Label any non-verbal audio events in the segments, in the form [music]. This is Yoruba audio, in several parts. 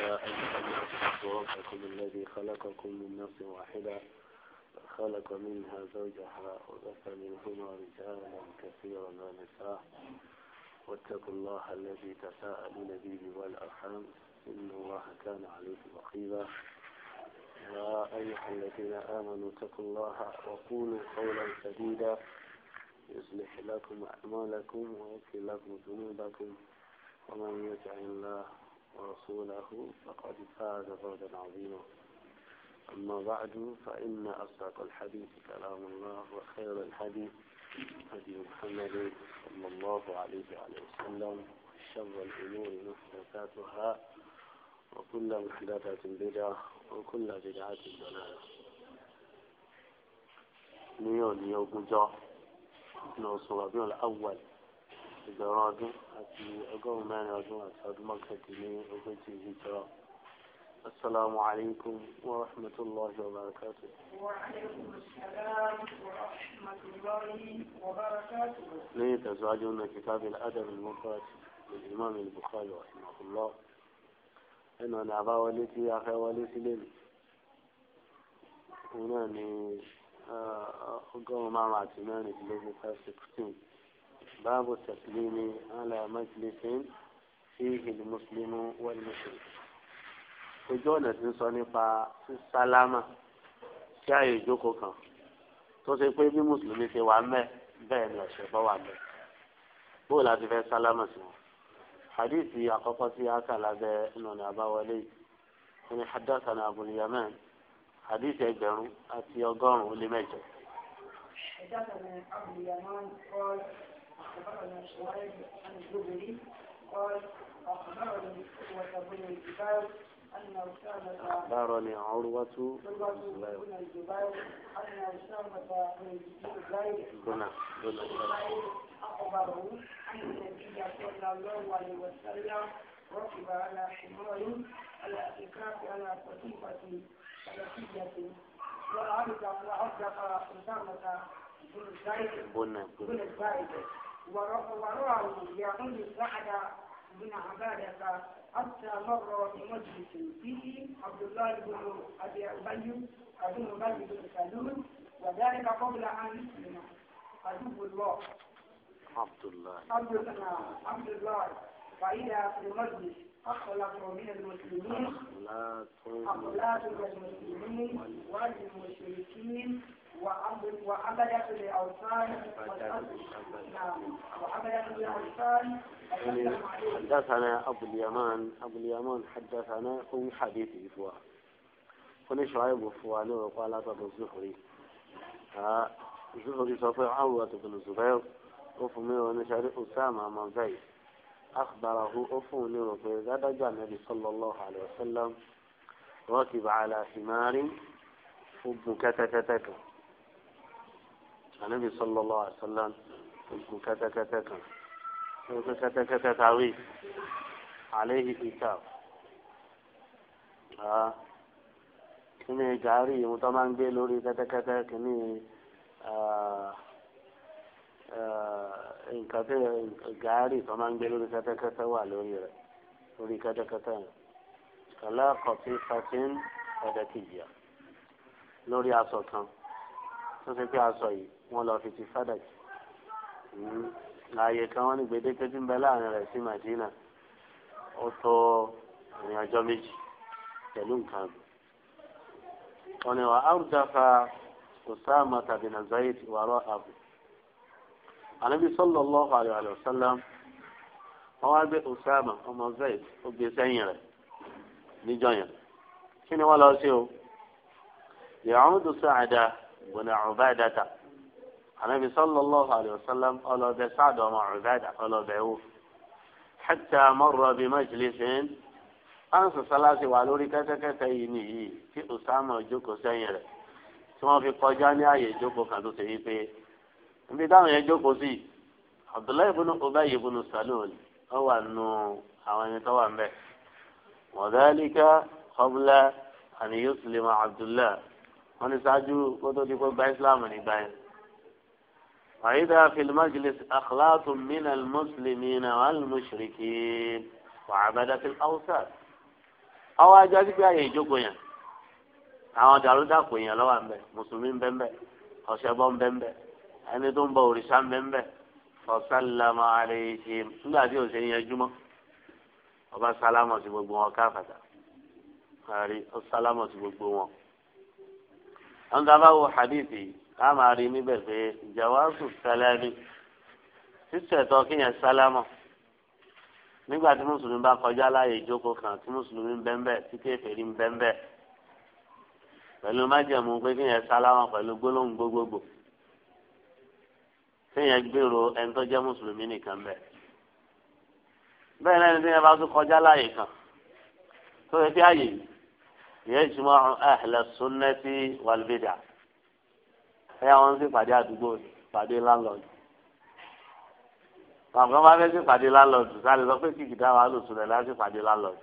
ربكم الذي خلقكم من نفس واحدة خلق منها زوجها وبث منهما رجالا كثيرا ونساء واتقوا الله الذي تساءلون به والأرحام إن الله كان عليكم رقيبا يا أيها الذين آمنوا اتقوا الله وقولوا قولا سديدا يصلح لكم أعمالكم ويغفر لكم ذنوبكم ومن يطع الله ورسوله فقد فاز فوزا عظيما أما بعد فإن أصدق الحديث كلام الله وخير الحديث هدي محمد صلى الله عليه وآله وسلم وشر الأمور محدثاتها وكل محدثة بدعة وكل بدعة ضلالة نيو نيو بجا نوصل الأول السلام عليكم ورحمة الله وبركاته وعليكم السلام ورحمة الله وبركاته أزواجنا كتاب الأدب المفرد للإمام البخاري رحمه الله أنا نعبا وليتي يا أخي والتي لين هنا ني آه، آه، أقوم مع معتماني في لغة 16 باب التسليم على مجلس فيه المسلم والمشرك ojú ọ̀nà tí ń sọ nípa sísálámà sí àyè ìjókòó kan tó ṣe pé bí mùsùlùmí ṣe wà mẹ́ bẹ́ẹ̀ ni ọ̀ṣẹ̀ bọ́ wà mẹ́ bóò láti fẹ́ sálámà sí wọn. hadithi àkọ́kọ́ sí aka lábẹ́ ìnànà àbáwọlé ní hadathana hadithi ẹgbẹ̀rún àti ọgọ́rùn-ún lé mẹ́jọ. hadathana abul kọ́. أخبرنا سؤال عن الزبري قال أخبرني عروة بن الجبال أن أسامة أخبرني عروة بن الزبير أن أسامة بن الزبير بن الزبير أخبره أن النبي صلى الله عليه وسلم ركب على حمار على إكاف على قطيفة فلكية وأعرض وأعرض أسامة بن الزبير بن الزبير وراءه يعم سعد بن عبادة حتى مر مجلس فيه عبد الله بن أبي أبي بن أبي بن سلول وذلك قبل أن يسلم عدو الله عبد الله عبد الله عبد الله فإذا في المجلس أخلق من المسلمين من المسلمين والمشركين وعملت نعم. حدثنا أبو اليمان أبو اليمان حدثنا قوم حديثي فوا قل شعيب فوانه وقال أبو الزهري الزهري صفي عروة بن الزبير أفهمي ونشر أسامة من زيد أخبره أفهمي وفي غدا جاء النبي صلى الله عليه وسلم ركب على حمار فب ànábì sallallahu alaihi wasallam ogun kẹ́tẹ́kẹ́tẹ́ kan ogun kẹ́tẹ́kẹ́tẹ́ tàwí àléhi ìta ah, kíní Kini ìhun tó máa ń gbé lórí kẹ́tẹ́kẹ́tẹ́ kíní ah, ah, nǹkan tó gàárì tó máa ń gbé lórí kẹ́tẹ́kẹ́tẹ́ wà lórí rẹ̀ lórí kẹ́tẹ́kẹ́tẹ́ yẹn kàlá kọ̀tí fatin ẹ̀dẹ́kìyà lórí aṣọ kan tó ṣe pé aṣọ yìí. wọn lọ fi ti fadak hmm. ààyè kan wọn ní gbèdéke tí ń bẹ láàrin rẹ̀ sí Madina ó tó ìrìn ọjọ́ méjì pẹ̀lú nǹkan wọn ni wà áwùjáfa tàbí wàrọ àbù sallallahu alaihi wa sallam wọn wá gbé Usama ọmọ Zaid ó gbé sẹ́yìn rẹ̀ níjọ́ yẹn kí ni wọn lọ sí o ya'udu Sa'da bùnà ọba النبي صلى الله عليه وسلم قال بسعد وما عبادة قال بيوف حتى مر بمجلس أنس صلاة والوري كتكتينه في أسامة جوكو سيرة ثم في قجاني آي جوكو كانت سيبه بدان يجوكو سي عبد الله بن أبي بن سلول هو أنه أوان يتوان به وذلك قبل أن يسلم عبد الله ونساجو قدو ديكو بإسلام نباين فإذا في المجلس أخلاط من المسلمين والمشركين وعبدة الأوثان àwọn ajáde pé àyè ìjókòó yẹn àwọn dàrúdàpọ̀ yẹn lọ́wọ́ àmbẹ̀ mùsùlùmí ń bẹ́ńbẹ́ ọ̀ṣẹ́bọ́ ń bẹ́ńbẹ́ ẹni tó ń bọ òrìṣà ń bẹ́ńbẹ́ ọ̀sálámà àlẹ́yìí nígbà tí òṣè yẹn júmọ́ ọba sálámà sí gbogbo wọn káfàtà àrí ọ̀sálámà sí gbogbo wọn. àwọn tá a bá wo hadithi yìí ká máa rí níbẹ̀ pé jàwáàsù sálámì sísẹ̀tọ́ kíyàn sálámọ̀ nígbà tí mùsùlùmí bá kọjá láàyè ìjókòó kan tí mùsùlùmí ń bẹ́ńbẹ́ tí kéferì ń bẹ́ńbẹ́ pẹ̀lú májẹ̀mú pé kíyàn sálámọ̀ pẹ̀lú gbólóhùn gbogbogbò kíyàn gbèrò ẹni tó jẹ́ mùsùlùmí nìkan bẹ́ẹ̀ bẹ́ẹ̀ náà ni kíyàn bá tún kọjá láàyè kan tó yẹ kí àyè yẹ ìjùmọ̀ ahlẹ̀ sunnati wal bid'ah ẹ àwọn sì pàdé àdúgbò pàdé lálọ́ọ̀dù àwọn kan bá fẹ́ sí pàdé lálọ́ọ̀dù sáré lọ pé kìkì dá wàá lòsùn rẹ̀ láti pàdé lálọ́ọ̀dù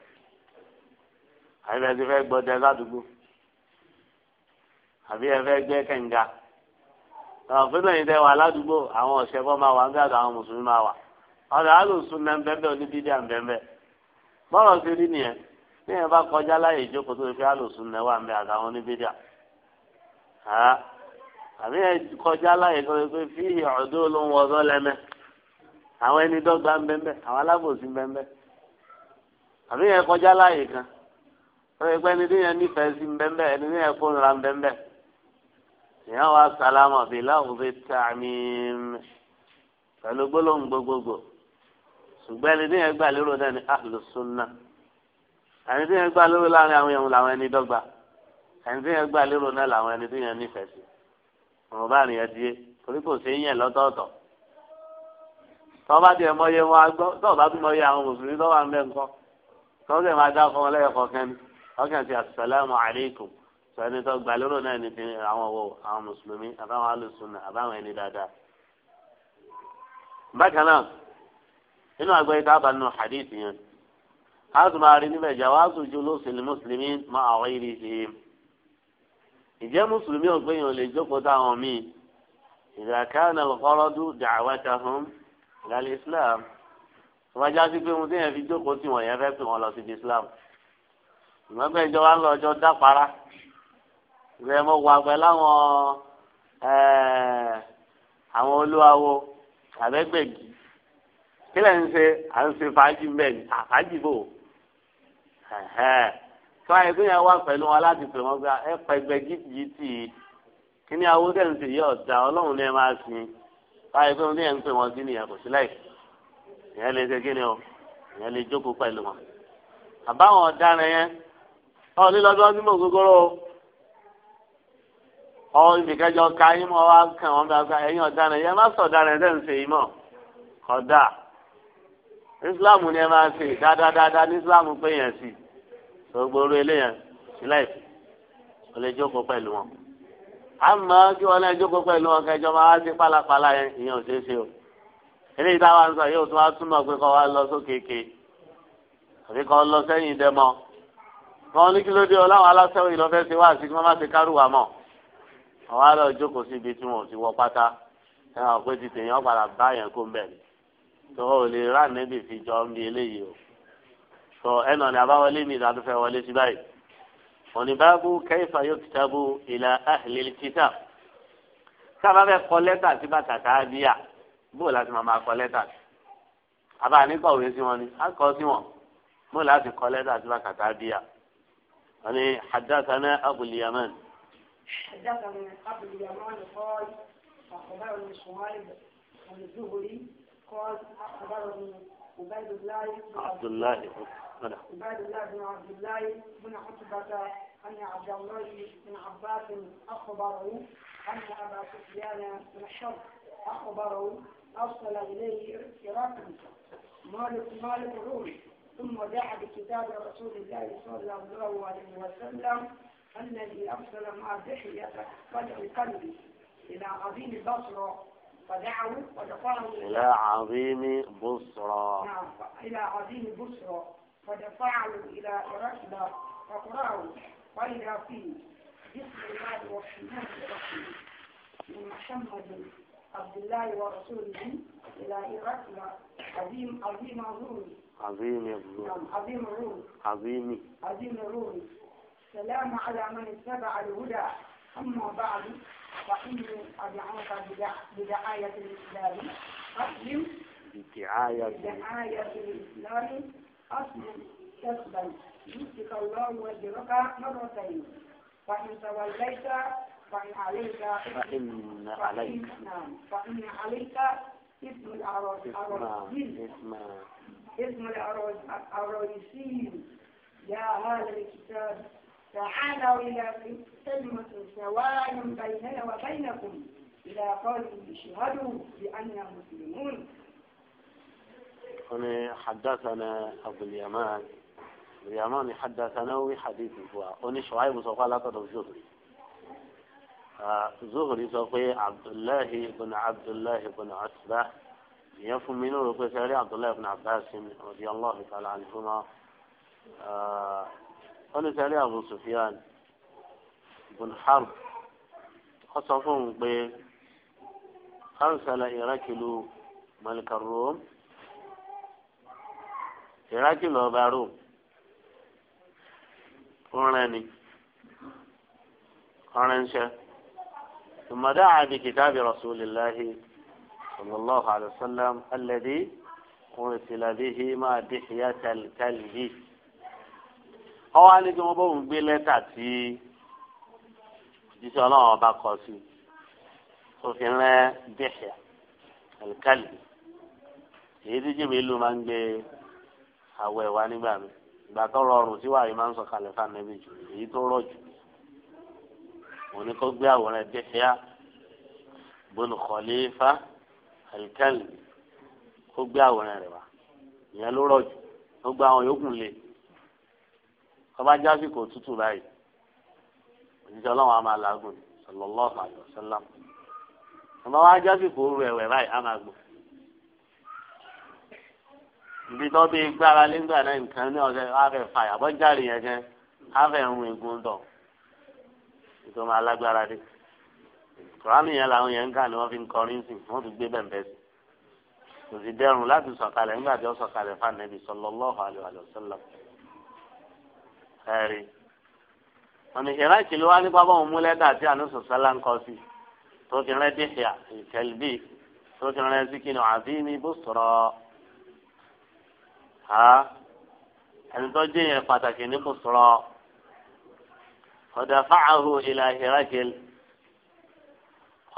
àbí ẹ ti fẹ́ gbọ́dẹ ládùúgbò àbí ẹ fẹ́ gbẹ́ kẹ̀ǹga àwọn pínlẹ̀ yìí tẹ́ wà ládùúgbò àwọn ọ̀sẹ̀ bọ́ máa wà ń bí àtàwọn mùsùlùmí máa wà ọ̀dà àlùsùn mẹ́mbẹ́mbẹ́ oníbídíà mẹ́mbẹ́ bọ́rọ̀ sí rí nìyẹn bí bá kọjá láyè ìjókòó tó fi àlùsùn mẹ́wàá mẹ́ àtàwọn oníbídíà àbí ẹ kọjá láyé kan pé fi ọ̀dọ́ ló ń wọdọ́ lẹ́mẹ́ àwọn ẹni dọ́gba ń bẹ́ńbẹ́ àwọn alábòsí ń bẹ́ńbẹ́ àbí ẹ kọjá láyé kan wọ́n pẹ́ ẹni tí yẹn nífẹ̀ẹ́ sí ń bẹ́ńbẹ́ ẹni tí yẹn kórìíra ń bẹ́ńbẹ́ ìyá wa sàlámà bí láwùjọ tààmì pẹ̀lú gbólóhùn gbogbogbò ṣùgbọ́n ẹni tí yẹn gbà lérò náà ni àlùsùnà ẹni tí gbà lérò láàrin làwọn ẹni dọ́gba ẹni ọ̀rọ̀ bá rìn ẹdí torí kò sí yẹn lọ́tọ̀ọ̀tọ̀ tọ́ bá tiẹ̀ mọ iye wọn agbọ́ tọ́ bá tún mọ iye àwọn mùsùlùmí tọ́ wà ń bẹ́ ńkọ́ tọ́ sì máa dá fún ọlẹ́yẹ kọ̀ọ̀kan ni ọkàn ti asàlámù àlẹ́kùn sọ́ni tó gbà lérò náà ní ti àwọn wo àwọn mùsùlùmí àbáwọn alùsùnà àbáwọn ẹni dáadáa. bákan náà nínú àgbẹ̀ ìdábà nù hadith yẹn a tún máa rí níbẹ̀ jawaazu julus al-muslimin ma'a ghayrihim ìjẹ́ mùsùlùmí ọ̀gbẹ́yìn lè jókòó táwọn míì ìdàkánà lọ́kọ́rọ́dún dàwátà hàn lálẹ́ islam tọ́jà sí pé mo téèyàn fi jókòó tí wọ́n yẹn fẹ́ pè wọ́n lọ síbi islam ìmọ̀gbẹ́ ìjọba ń lọ ọjọ́ dápara ìgbẹ́ mo wà pẹ̀lú àwọn eh, àwọn olúwawo àbẹ́gbẹ̀gì kílẹ̀ ń ṣe à ń ṣe fàájì mbẹ́ àfàájì bò tó àyè tó yẹn wá pẹ̀lú wọn láti pè wọ́n gba ẹ pa ẹgbẹ́ gítìgítì kí ni awó tẹ̀ ń sè yí ọ̀dà ọlọ́run ní ẹ máa sin tó àyè tó yẹn ń pè wọ́n sí nìyẹn kò sí láì ìyẹn lè ṣe kí ni o ìyẹn lè jókòó pẹ̀lú wọn. àbáwọn ọ̀daràn yẹn ọ lílọ́dọ́ sí mọ̀ gógóró ọ ibìkẹ́jọ ka yín mọ́ wá kàn wọ́n bá ká ẹ̀yin ọ̀daràn yẹn má sọ ọ̀daràn tẹ̀ ń sè yí mọ̀ kódà Islam ni ẹ máa ṣe dáadáa dáadáa gbogbo orí eléyàn síláì o lè jókòó pẹ̀lú wọn. àmọ́ kí wọ́n náà jókòó pẹ̀lú wọn kẹjọ máa wá sí pálapàla yẹn ìyẹn ò ṣeé ṣe o. eléyìí táwa ń sọ yóò tún wá túmọ̀ pé kọ́ wa lọ sókèké àbí kọ́ lọ sẹ́yìn dẹ́mọ. wọn ní kí ló dé o láwọn aláṣẹwò yìí lọ fẹ́ ṣe wá sí kí wọ́n má ṣe kárùwà mọ́. àwọn ará òjókòó síbi tí wọn ò ti wọ pátá ẹ̀hàn pé ti tèèyàn padà bá yẹn kó ń bẹ̀ ni. tó o lè rà níbi ìfijọ́ ń bi eléyìí o sọ ẹnà ní abáwọlé mi ìdá tó fẹ́ wọlé sí báyìí òní báàbù kayfa yuktabu ila ahli al-kitab sábà fẹ́ kọ lẹ́tà sí bàtà káàdíyà bó láti máa máa kọ lẹ́tà sí àbá nígbàwé sí wọn ni á kọ sí wọn bó láti kọ lẹ́tà sí bàtà káàdíyà wọn ni haddathana abul yaman. حدثني قبل اليمان قال أخبرني شمال بن الزهري قال أخبرني عبيد الله عبد الله بن عبيد الله بن عبد الله بن عتبة أن عبد الله بن عباس أخبره أن أبا سفيان بن الشرق أخبره أرسل إليه إراقا مالك مالك الروم ثم دعا بكتاب رسول الله صلى الله عليه وسلم الذي أرسل مع دحية فتح القلب إلى عظيم البصرة فدعوا إلى عظيم بصرى نعم إلى عظيم بصرى فدفعه إلى رشد فقرأه وإذا فيه بسم الله الرحمن الرحيم من محمد عبد الله ورسوله إلى إرقل عظيم عظيم الروم عظيم الروم نعم، عظيم الروم عظيم عظيم الروم سلام على من اتبع الهدى أما بعد وإني أدعوك بدعاية الإسلام أسلم بدعاية بدعاية الإسلام أسلم تسلم يؤتك الله وجهك مرتين فإن توليت فإن عليك فإن عليك نعم فإن عليك اسم الأراضي اسم الأراضي يا أهل الكتاب تعالوا إلى كلمة سواء بيننا وبينكم إلى قوله اشهدوا بأننا مسلمون هنا حدثنا أبو اليمان اليمان حدثنا حديث هو أني شعيب سوف لا ترى جهري زهري سوف عبد الله بن عبد الله بن عتبة يفهم منه عبد الله بن عباس رضي الله تعالى عنهما آه، ونسأل يا أبو سفيان بن حرب خصفهم بين خمسة لإراكلو ملك الروم إراكلو باروم قرناني قرنشا ثم دعا بكتاب رسول الله صلى الله عليه وسلم الذي أرسل به ما دحية الكلب ọwọ́ á ní kí wọ́n bóun gbé lẹ́tà tí jíṣẹ́ ọlọ́run ọba kọ sí òfin rẹ bẹ́ẹ̀ alikali èyí tí jìbì ìlú máa ń gbé àwọ̀ ẹ̀wà nígbà mi ìgbà tó rọrùn tí wàá yìí máa ń sọ kalẹ̀ fún anabi jù èyí tó rọ̀ jù òun ni kò gbé àwòrán ẹ̀ bẹ́ẹ̀ bọ́nù Khalifa alikali kó gbé àwòrán rẹ̀ wá ìyẹn ló rọ̀ jù ó àwọn yòókù lé kọ́ba jáfi kò tútù báyìí òjijì ọlọ́run á máa làágùn sallallahu alaihi wasallam ọba wa jáfi kò rú ẹ̀wẹ̀ báyìí á máa gbọ́. ibi tó bí gbára lẹ́gbàá náà nǹkan ní ọ̀sẹ̀ afẹ́ fàyà bọ́ járe yẹn jẹ́ afẹ́ ń rìn gùn dọ̀ nítorí máa lágbára dé. kùránì yẹn làwọn yẹn ń kà ni wọ́n fi ń kọrin sí wọ́n fi gbé bẹ̀m̀bẹ̀ sí kò sì dẹrùn láti sọ̀kalẹ̀ nígbà tí ó sọ̀kalẹ̀ fún Ànábì sallallahu alaihi wasallam ẹ̀rí ọ̀nà ìṣẹ̀lá ìṣẹ̀lú wa nípa bọ́ọ̀ mú lẹ́dà tí ànúṣọ sálá ń kọ́ sí tó ti rẹ́ dìhìá ìtẹ̀lbí tó ti rẹ́ síkìnì àbí ní bó sọ̀rọ̀ ha ẹni tó jẹ́ yẹn pàtàkì ní bó sọ̀rọ̀ ọ̀dà fáàhù ìlà hìrákìl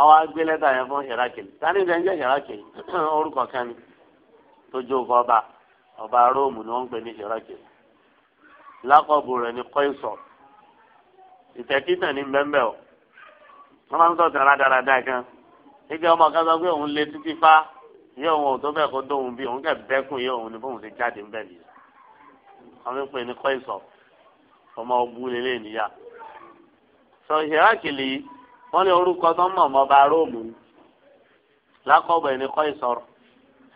ọwọ́ agbé yẹn fún hìrákìl tani ìdẹ́ ń jẹ́ hìrákìl orúkọ kan tó jó ọba ọba róòmù ni wọ́n ń pè ní hìrákìl lákọ̀bù rẹ̀ ni kọ́ìsọ̀ ìtẹ̀kítẹ̀ ní bẹ́ńbẹ́ o wọ́n máa ń sọ̀tẹ̀ rádaràdà kan nígbà ọmọ kan sọ pé òun lé títí fá yé òun ò tó bẹ́ẹ̀ kó dóhun bí òun kẹ̀ bẹ́kùn yé òun ní bóun ti jáde ń bẹ̀ nìyẹn wọ́n fi pè ní kọ́ìsọ̀ ọmọ ogun lélẹ̀ níyà sọ ìṣèrákìlì wọ́n ní orúkọ tó ń mọ̀ ọmọ ọba róòmù lákọ̀bù ẹ̀ ní kọ́ìsọ̀rọ̀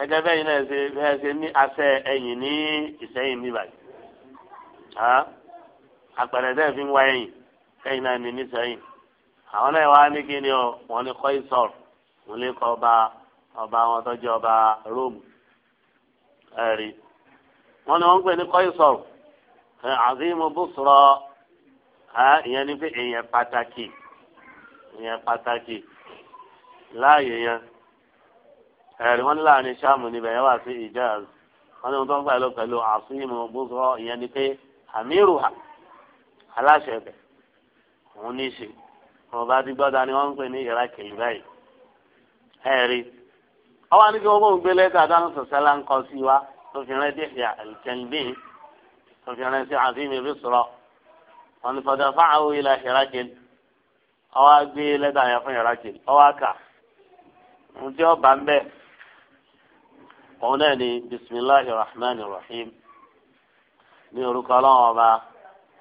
gẹ́gẹ́ bẹ́ẹ̀ ní ẹ̀sẹ̀ ní ha tẹ́ fi ń wá ẹ̀yìn kẹ́yìn náà ní nísẹ̀yìn àwọn náà wá ní kíni o wọ́n ní kọ́ìsọ̀r lè ọba ọba wọn ọba rome. wọn pè ní ìyẹn ní pé pàtàkì ìyẹn pàtàkì láàyè yẹn ní láàrin àmírù ha aláṣẹ ẹbẹ òun ní í ṣe ọba adigbọdà ni wọn ń pè ní báyìí ọwọ kí wọn bóun gbé dáná sọsẹlá ń kọ sí wa tó fi rẹ dìhìá tó fi rẹ sí wọn ni fọdà fáwọn òye la iraki ọwọ gbé lẹ́tà yẹn fún iraki ọwọ tí ọba ń bẹ òun náà rahim. ní orúkọ ọlọ́run ọba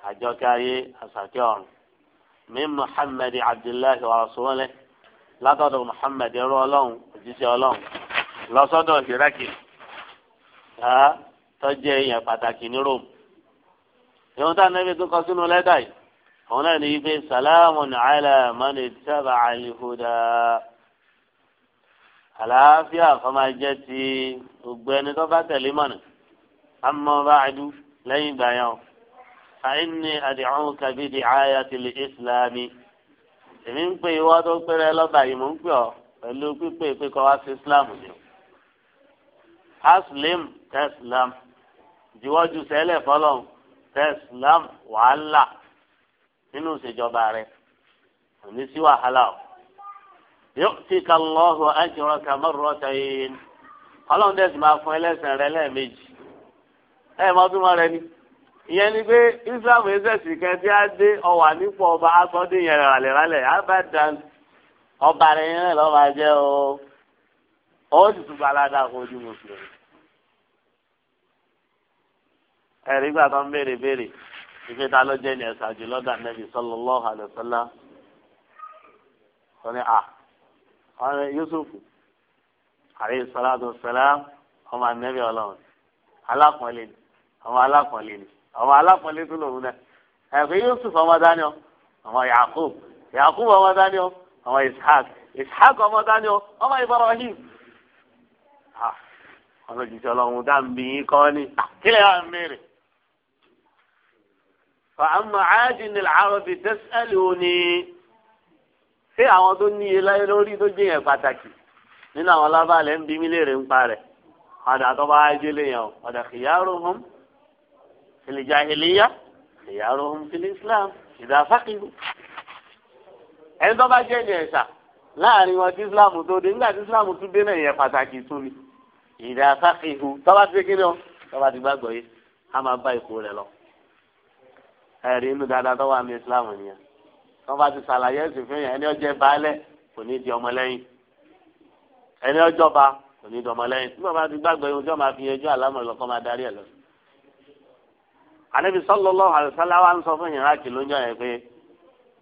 àjọkẹ́ ayé àṣàkẹ́ ọ̀run mi muhammed abdullahi wa rasulillah látọ̀dọ̀ muhammed ẹrú ọlọ́run òjíṣẹ́ ọlọ́run lọ́sọ́dọ̀ hiraki tọ́jú èèyàn pàtàkì ní rome ìwọ̀n tá a nẹ́bí tó kọ sínú lẹ́tà yìí òun náà ní ife salamun ala mani taba alihuda àlàáfíà kọ́ ti gbogbo ẹni tó bá tẹ̀lé mọ̀nà amma ba'du lẹ́yìn ìgbà yẹn o fàínì àdìhàn kàbídì àyà tìlì ìsìlámì èmi ń pè ìwọ tó péré lọ́ba yìí mò ń pè ọ́ pẹ̀lú pípé pé wá sí islam ni o aslim tẹ́sílám juwọ́jú sẹ́lẹ̀ fọlọ́ tẹ́sílám wàhálà nínú ìṣèjọba rẹ̀ òní sí wàhálà o yóò ti ka lọ́hùn ajọ́rọ̀ kàmọ́rọ́ tẹ̀yìn ọlọ́run tẹ̀sí máa fún ẹlẹ́sìn rẹ lẹ́ẹ̀mejì ẹ mọ túmọ̀ rẹ ni ìyẹn ni pé islam ẹsẹsì kan tí a dé ọwà nípò ọba agbọ́dé yẹn ràlẹ̀ràlẹ̀ abadan ọba rẹ yẹn lọ́ máa jẹ́ o ó sì tún balada kó ojú mùsùlùmí. ẹ̀rí gbà tó ń béèrè béèrè ìfẹ́ ta ló jẹ́ ní ẹ̀sà jù lọ́dà nẹ́bí sallallahu alaihi wasallam sọ ni à ọ̀rẹ́ Yusuf alayhi salatu wassalam ọmọ nẹ́bí ọlọ́run alákùnrin àwọn alákọ̀ọ́lẹ̀ ni àwọn alákọ̀ọ́lẹ̀ tó lòun náà ẹ̀fẹ̀ Yusuf ọmọ Daniel ọmọ Yakub Yakub ọmọ Daniel ọmọ Ishaq Ishaq ọmọ Daniel ọmọ Ibrahim ọmọ jìjọ lọ́hùn dá ń bí yín kọ́ ni kílẹ̀ wà ń فأما عاد العرب تسألوني ṣé àwọn لا níye láyé lórí من jẹ́ yẹn pàtàkì nínú هذا lábàlẹ̀ ń يوم هذا خيارهم fil jahiliya khiyaruhum fil islam idha faqihu. ẹni tó bá لا ẹ̀yẹ ẹ̀ṣà láàrin wọn tí islam tó dé nígbà tí islam tún dé náà yẹn pàtàkì tún ni له faqihu tọ́ba ti kí ni ọ tọ́ba ti gbàgbọ́ yìí a máa bá ipò rẹ lọ. ẹ̀rí inú dáadáa tó wà ní islam nìyẹn tó bá ti ṣàlàyé ẹ̀sìn fún yẹn ẹni ọjẹ́ baálẹ̀ kò ní di ọmọlẹ́yìn ẹni ọjọba kò ní di ọmọlẹ́yìn tí bàbá ti gbàgbọ́ yìí ọjọ́ máa fi ẹjọ́ àlámọ̀ lọ́kọ́ máa darí ẹ̀ lọ́sùn anabi sallallahu alaihi wasallam wa ń sọ fún yìnyín láti lóyún ẹ pé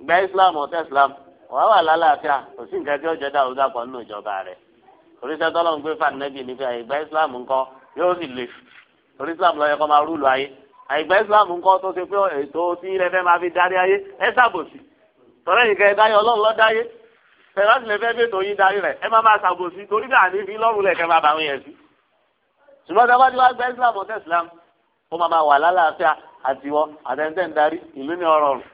gba islam ọtẹ islam wà wà lálàáfíà kò sí nǹkan tí ó jẹ dáhùn dàpọ̀ nínú ìjọba rẹ oríṣẹ́ tọ́lọ́run gbé fún anabi níbi àìgbà islam ńkọ́ yóò sì le torí islam lọ́yẹ kọ́ máa rúlu ayé àìgbà islam ńkọ́ tó ṣe pé ètò tí ilẹ̀ fẹ́ máa fi darí ayé ẹ ṣàbòsí tọ́lá yìí kẹ́ ẹ dáyé ọlọ́run lọ́ dáyé tẹ̀wáṣí lè fẹ́ bí ètò yìí darí rẹ̀ ẹ má máa ṣàbòsí torí bí àní fi lọ́rùn lẹ̀ kẹ́ máa bàwọn yẹn sí ṣùgbọ́n tí a bá ti wá gba islam ọtẹ islam ó máa máa wà lálàáfíà àtiwọ́ àtẹ̀ǹtẹ̀ ń darí ìlú ní ọ̀rọ̀ rù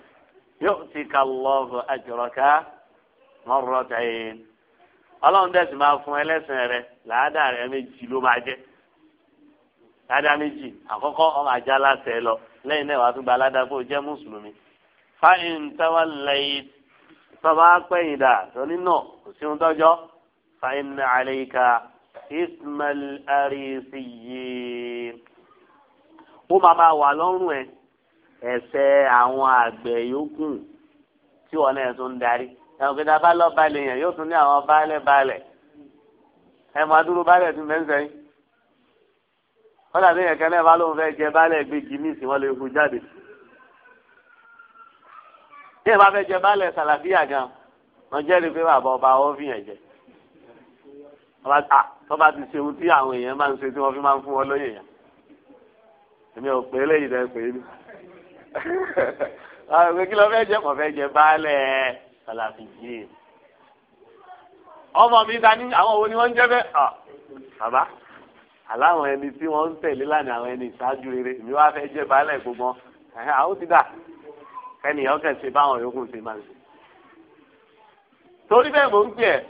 yóò ti ka lọ́ọ̀bù àjọ̀rọ̀ká mọ́rọ̀ tẹ̀yìn ọlọ́run dẹ̀sí máa fún ẹlẹ́sìn rẹ làádà rẹ méjì ló máa jẹ́ làádà méjì àkọ́kọ́ ọmọ àjà aláṣẹ lọ lẹ́yìn náà wàá tún gba aládàá kó jẹ́ mùsùlùmí fáyìn táwa lẹ́yìn tọ́ba pẹ́yìn dà lónìí náà kò sí ohun tọ́jọ́ fáyìn àlẹ́ ìka ismail arisiyin ó máa máa wà lọ́rùn ẹ ẹsẹ̀ àwọn àgbẹ̀ yòókù tí wọn náà tún ń darí ẹ̀wọ̀n kí dábàá lọ balẹ̀ yẹn yóò tún ní àwọn baálẹ̀ baálẹ̀ ẹ̀ máa dúró baálẹ̀ tún bẹ́ẹ̀ sẹ́yìn wọ́n dàbí yẹn kẹ́lẹ́ bá lóun fẹ́ jẹ baálẹ̀ gbégi ní ìsìn wọn lè hu jáde bí ẹ bá fẹ́ jẹ baálẹ̀ sàlàfíà gan wọn jẹ́rìí pé bàbá ọba ọ fi yẹn jẹ tọ́ba ti ṣe ohun tí àwọn èèyàn máa ń ṣe tí wọ́n fi máa ń fún wọn lóyè yẹn èmi ò ah, pé eléyìí dẹ́ pé mi àwọn ìwé kí ló fẹ́ jẹ kọ̀ fẹ́ jẹ baálẹ̀ àlàfíjì ọmọ mi ta ní àwọn wo ni wọ́n ń jẹ́ bẹ́ẹ̀ ọ̀ ah, bàbá aláwọn ẹni tí wọ́n ń tẹ̀lé lánàá àwọn ẹni ìṣáájú eré èmi wá fẹ́ jẹ baálẹ̀ gbogbo àwọn ti dà kẹ́nìyàn kẹ̀sì báwọn yòókù ṣe máa ń ṣe torí bẹ́ẹ̀ mò ń gbé ẹ̀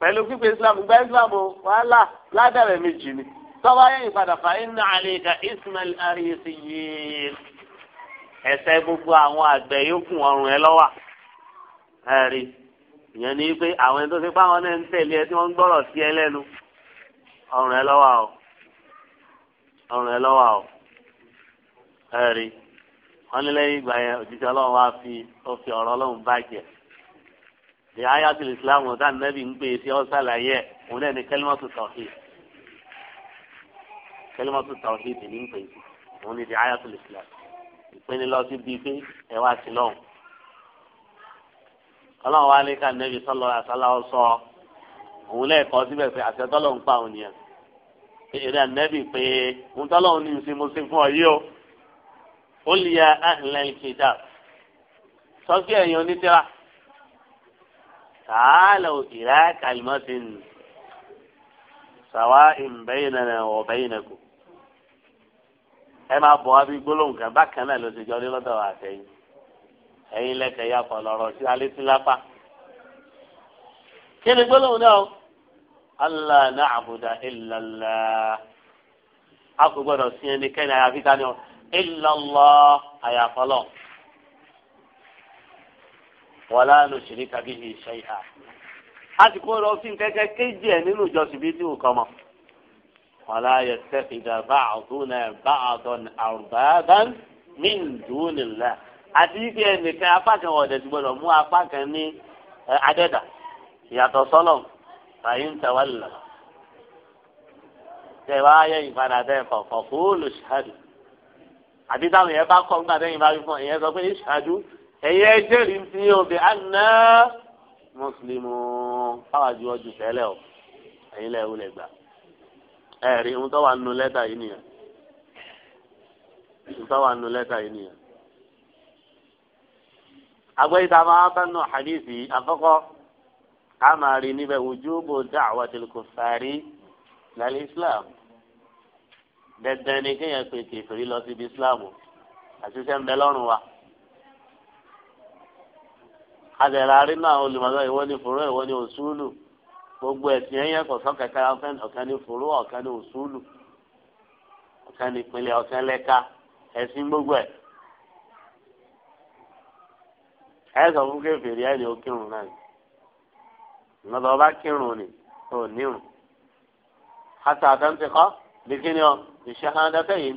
pẹ̀lú pípé Islam gba Islam wàhálà ládàrẹ̀ méjì ni tọ́wọ́ ayé ìpadà fà iná àlejò ismail ariyesi yìí ẹsẹ̀ gbogbo àwọn àgbẹ̀ yòókù ọrùn ẹ lọ́wọ́ ẹ̀rí ìyẹn ni pé àwọn ẹni tó fi fáwọn náà ń tẹ̀lé ẹ tí wọ́n ń gbọ́rọ̀ sí ẹ lẹ́nu ọrùn ẹ lọ́wọ́ o ọrùn ẹ lọ́wọ́ o ẹ̀rí wọ́n ní lẹ́yìn ìgbà yẹn òjíṣẹ́ ọlọ́run wá fi ó fi ọ̀rọ̀ ọlọ́run bàjẹ́ ìyá ayatul islam ọ̀tá nẹ́bí ń gbé e tí ó ṣàlàyé òun náà ní kẹ́límọ́tò tọ̀hìn kẹlẹ́mọ́tò tàwọ́hídì ní pè òun ni di ayatul islam ìpinnu lọ sí bíi pé ẹ wá sí lọ́hùn. ọlọ́run wa ní ká nẹ́bí sọ́lọ́ àṣàláwọ́ sọ òun lẹ́ẹ̀kọ́ síbẹ̀ pé àṣẹ tọ́lọ́hún pa òun nìyẹn èrè ànẹ́bí pé òun tọ́lọ́hún ní ìsìn mo ṣe fún ọ yìí o ó lè ya ahlal kitab sọ sí ẹ̀yin onítìrà tààlà òkìlá kalimatin sàwa ìmbẹ́yìn náà wọ̀ bẹ́yìn náà kù. ẹ máa bọ̀ wá bí gbólóhùn kan bákan náà ló ti jọ ní ya fọ lọ́rọ̀ sí alẹ́ sí lápá. kí ni gbólóhùn náà allah na'budu illallah a kò gbọdọ̀ sí ẹnikẹ́ni àyàfi ni ọ wala nushrika bihi shay'a a ti kó lọ sí kẹ́kẹ́ kéjì ẹ̀ nínú ìjọsìn bíi tí ولا يتخذ بعضنا بعضا أربابا من دون الله àti kí ẹnìkan apá kan ọ̀dẹ̀ ti gbọdọ̀ mú apá kan ní adẹ́dà ìyàtọ̀ sọ́lọ̀ fàyín tẹ̀wálà tẹ̀ wá yẹ ìpadà tẹ̀ kọ̀ọ̀kan kó lò ṣáàdù àbí táwọn yẹn bá kọ́ nígbà tẹ́yìn bá fi fún ẹ̀yẹ sọ pé ṣáàdù ẹ̀yẹ jẹ́rìí ti obì àná mùsùlùmí káwájú ọdún tẹ́lẹ̀ o ẹ̀yin lẹ́wọ́ lẹ́gbàá ẹ̀rí ohun tó wà nínú lẹ́tà yìí nìyẹn ohun tó wà nínú lẹ́tà yìí nìyẹn. àgbẹ̀yìí tá a máa bá nù hadisi àkọ́kọ́ a máa rí níbẹ̀ wujubu da'watil kuffari lálẹ́ islam dandan ni kéèyàn pè kèfèrí lọ síbi islam àṣìṣe ń bẹ lọ́rùn wa. àdẹ̀rẹ̀ arínà olùmọ̀lá ìwọ ni fòró ìwọ ni òṣùlù gbogbo ẹ̀sìn ẹ̀yẹ kò sọ kẹkẹ ọ̀kan ní fòró ọ̀kan ní òṣùlù ọ̀kan ní ìpínlẹ̀ ọ̀kan lẹ́ka ẹ̀sìn gbogbo ẹ̀. ẹ sọ fún kẹfìrí ẹni ó kírun náà ni ìmọ̀tọ́ ọba kírun ni ò nírun. hata àtẹ̀ǹtẹ̀kọ́ bí kíni ọ ìṣẹ́hánadẹ́tẹ̀ yìí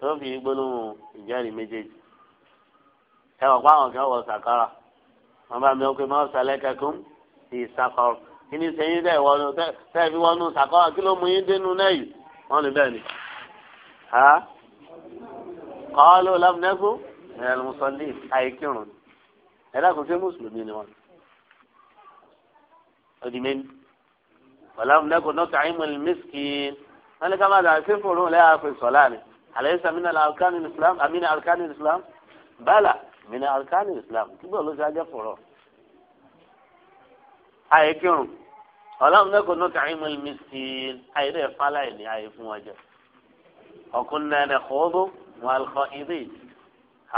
ló fi gbólóhùn ìjẹ́rìí méjèèjì. ẹ wọ̀ pa àwọn kan wọ sàkárà wọn bá mi ó pé mọ́ sálẹ́ ti sàkọ́rọ̀ kí ni sẹ́yìn dẹ̀ wọnú tẹ́ fi wọnú sàkọ́wà kí ló mú yín dénú náà yìí wọ́n ní bẹ́ẹ̀ ni. kọ́ọ́lù lámúnẹ́kù ẹ̀rùmùsọ̀lì àìkírun ẹ̀dá kò sí mùsùlùmí ni wọ́n. odi mẹ́ni wàlámúnẹ́kù nọ́ọ̀kì àìmọ̀lì mísìkì wọ́n ní ká má dàá sí fòrò lẹ́yà pé sọ̀lá ni àlẹ́ sàmínà àlùkánì islam islam bala àmínà àlùkánì islam kí bọ́ọ̀ ló ṣe ajẹ́ fòrò àyè kírun ọlọ́run náà kò ní kàá ìmọ̀ mìsìn àyè rẹ̀ fálá ẹ̀ ní àyè fún ọjọ́ ọkùnrin náà nà kóódó wọn àlùkò ìdí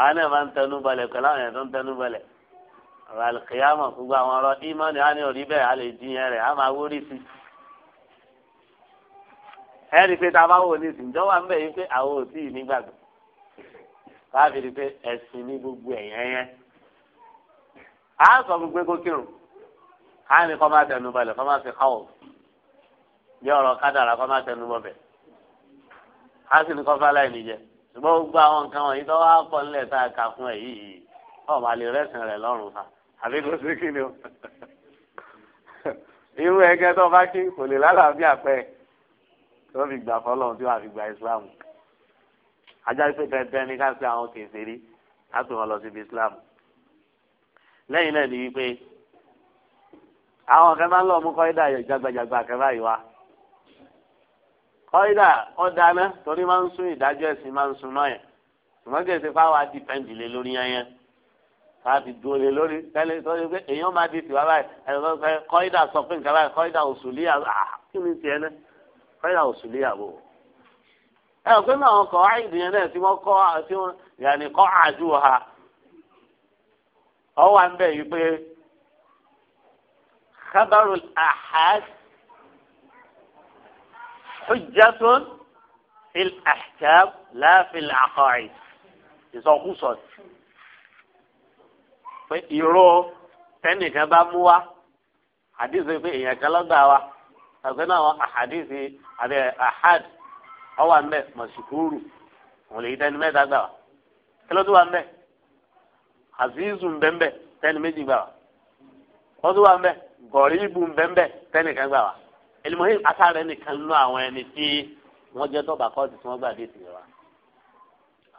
àwọn náà máa ń tẹnu balẹ̀ pẹ̀lú àwọn yẹn tó ń tẹnu balẹ̀ ọ̀rọ̀ àlùkìyàmọ̀ gbogbo àwọn ọ̀rọ̀ ìmọ̀ ni wọn ní orí bẹ́ẹ̀ a lè jiyàn rẹ̀ a máa wórí sí i. ẹ̀rí pé tá a bá wò ní ìsìn jọ́wọ́ ń bẹ̀ yín pé àwọn ò tíì nígbàgbọ́ káfíìrì pé ẹ̀sìn ní gbogbo ẹ̀yẹ́ yẹn. a sọ fún pé kírun àmì kọ́ máa tẹnu balẹ̀ kọ́ máa fi káwọ̀ bí ọ̀rọ̀ kádàrà kọ́ máa tẹnu bọ̀bẹ̀ á sì ní kọ́ fáláì níjẹ ṣùgbọ́n gbogbo àwọn nǹkan wọ̀nyí tó wá pọ̀ nílẹ̀ tá a kà fún ẹ̀ yìí ọ̀ máa lè rẹ́sìn rẹ̀ lọ́rùn fa àbí kò sí kí ni o irú ẹgẹ tó bá kí kò lè lálàáfíà pẹ́ tó fi gbà fọlọ́run tí wàá fi gba Islam ajá pé dandan ní ká sí àwọn kèsèrí á pè wọn lọ síbi Islam lẹ́yìn náà ni wípé àwọn kan máa ń lọ mú kọ́ídà jagbajagba kan báyìí wá kọ́ídà ó dáná torí máa ń sún ìdájọ́ ẹ̀sìn máa ń sún náà yẹn ṣùgbọ́n kì í ṣe fáwọn adìpẹ́ǹdì lé lórí yẹn yẹn ká fi dúró lé lórí tẹ́lẹ̀ tó ṣe pé èèyàn máa di tìwá báyìí kọ́ídà sọ pé nǹkan báyìí kọ́ídà òṣùlíyà kí ni tiẹ̀ náà kọ́ídà òṣùlíyà bò ẹ ò pé náà wọn kọ́ yẹn náà tí wọ́n kọ́ tí wọ́n yàní خبر الأحاد حجة في الأحكام لا في العقائد ìsọkúsọ pé ìró tẹnìkan bá mú wa àdìsí pé èèyàn kan lọ́gbà wa àgbẹ̀ náà wọn àdìsí àbẹ àhad ọwọ́ àmbẹ mọ̀sùkúrù òun lè yí tẹni mẹ́ta gbà wa kí ló tún wà mbẹ àzízù mbẹ́mbẹ́ tẹni méjì gbà wa wọ́n tún wà mbẹ́. gọ̀rí ibu nbẹ́nbẹ́ tẹ́nìkan gbà wá elimohim akáre nìkan nú àwọn ẹni tí wọ́n jẹ́ tọ́ba kọ́ọ̀tù tí wọ́n gbà dé wa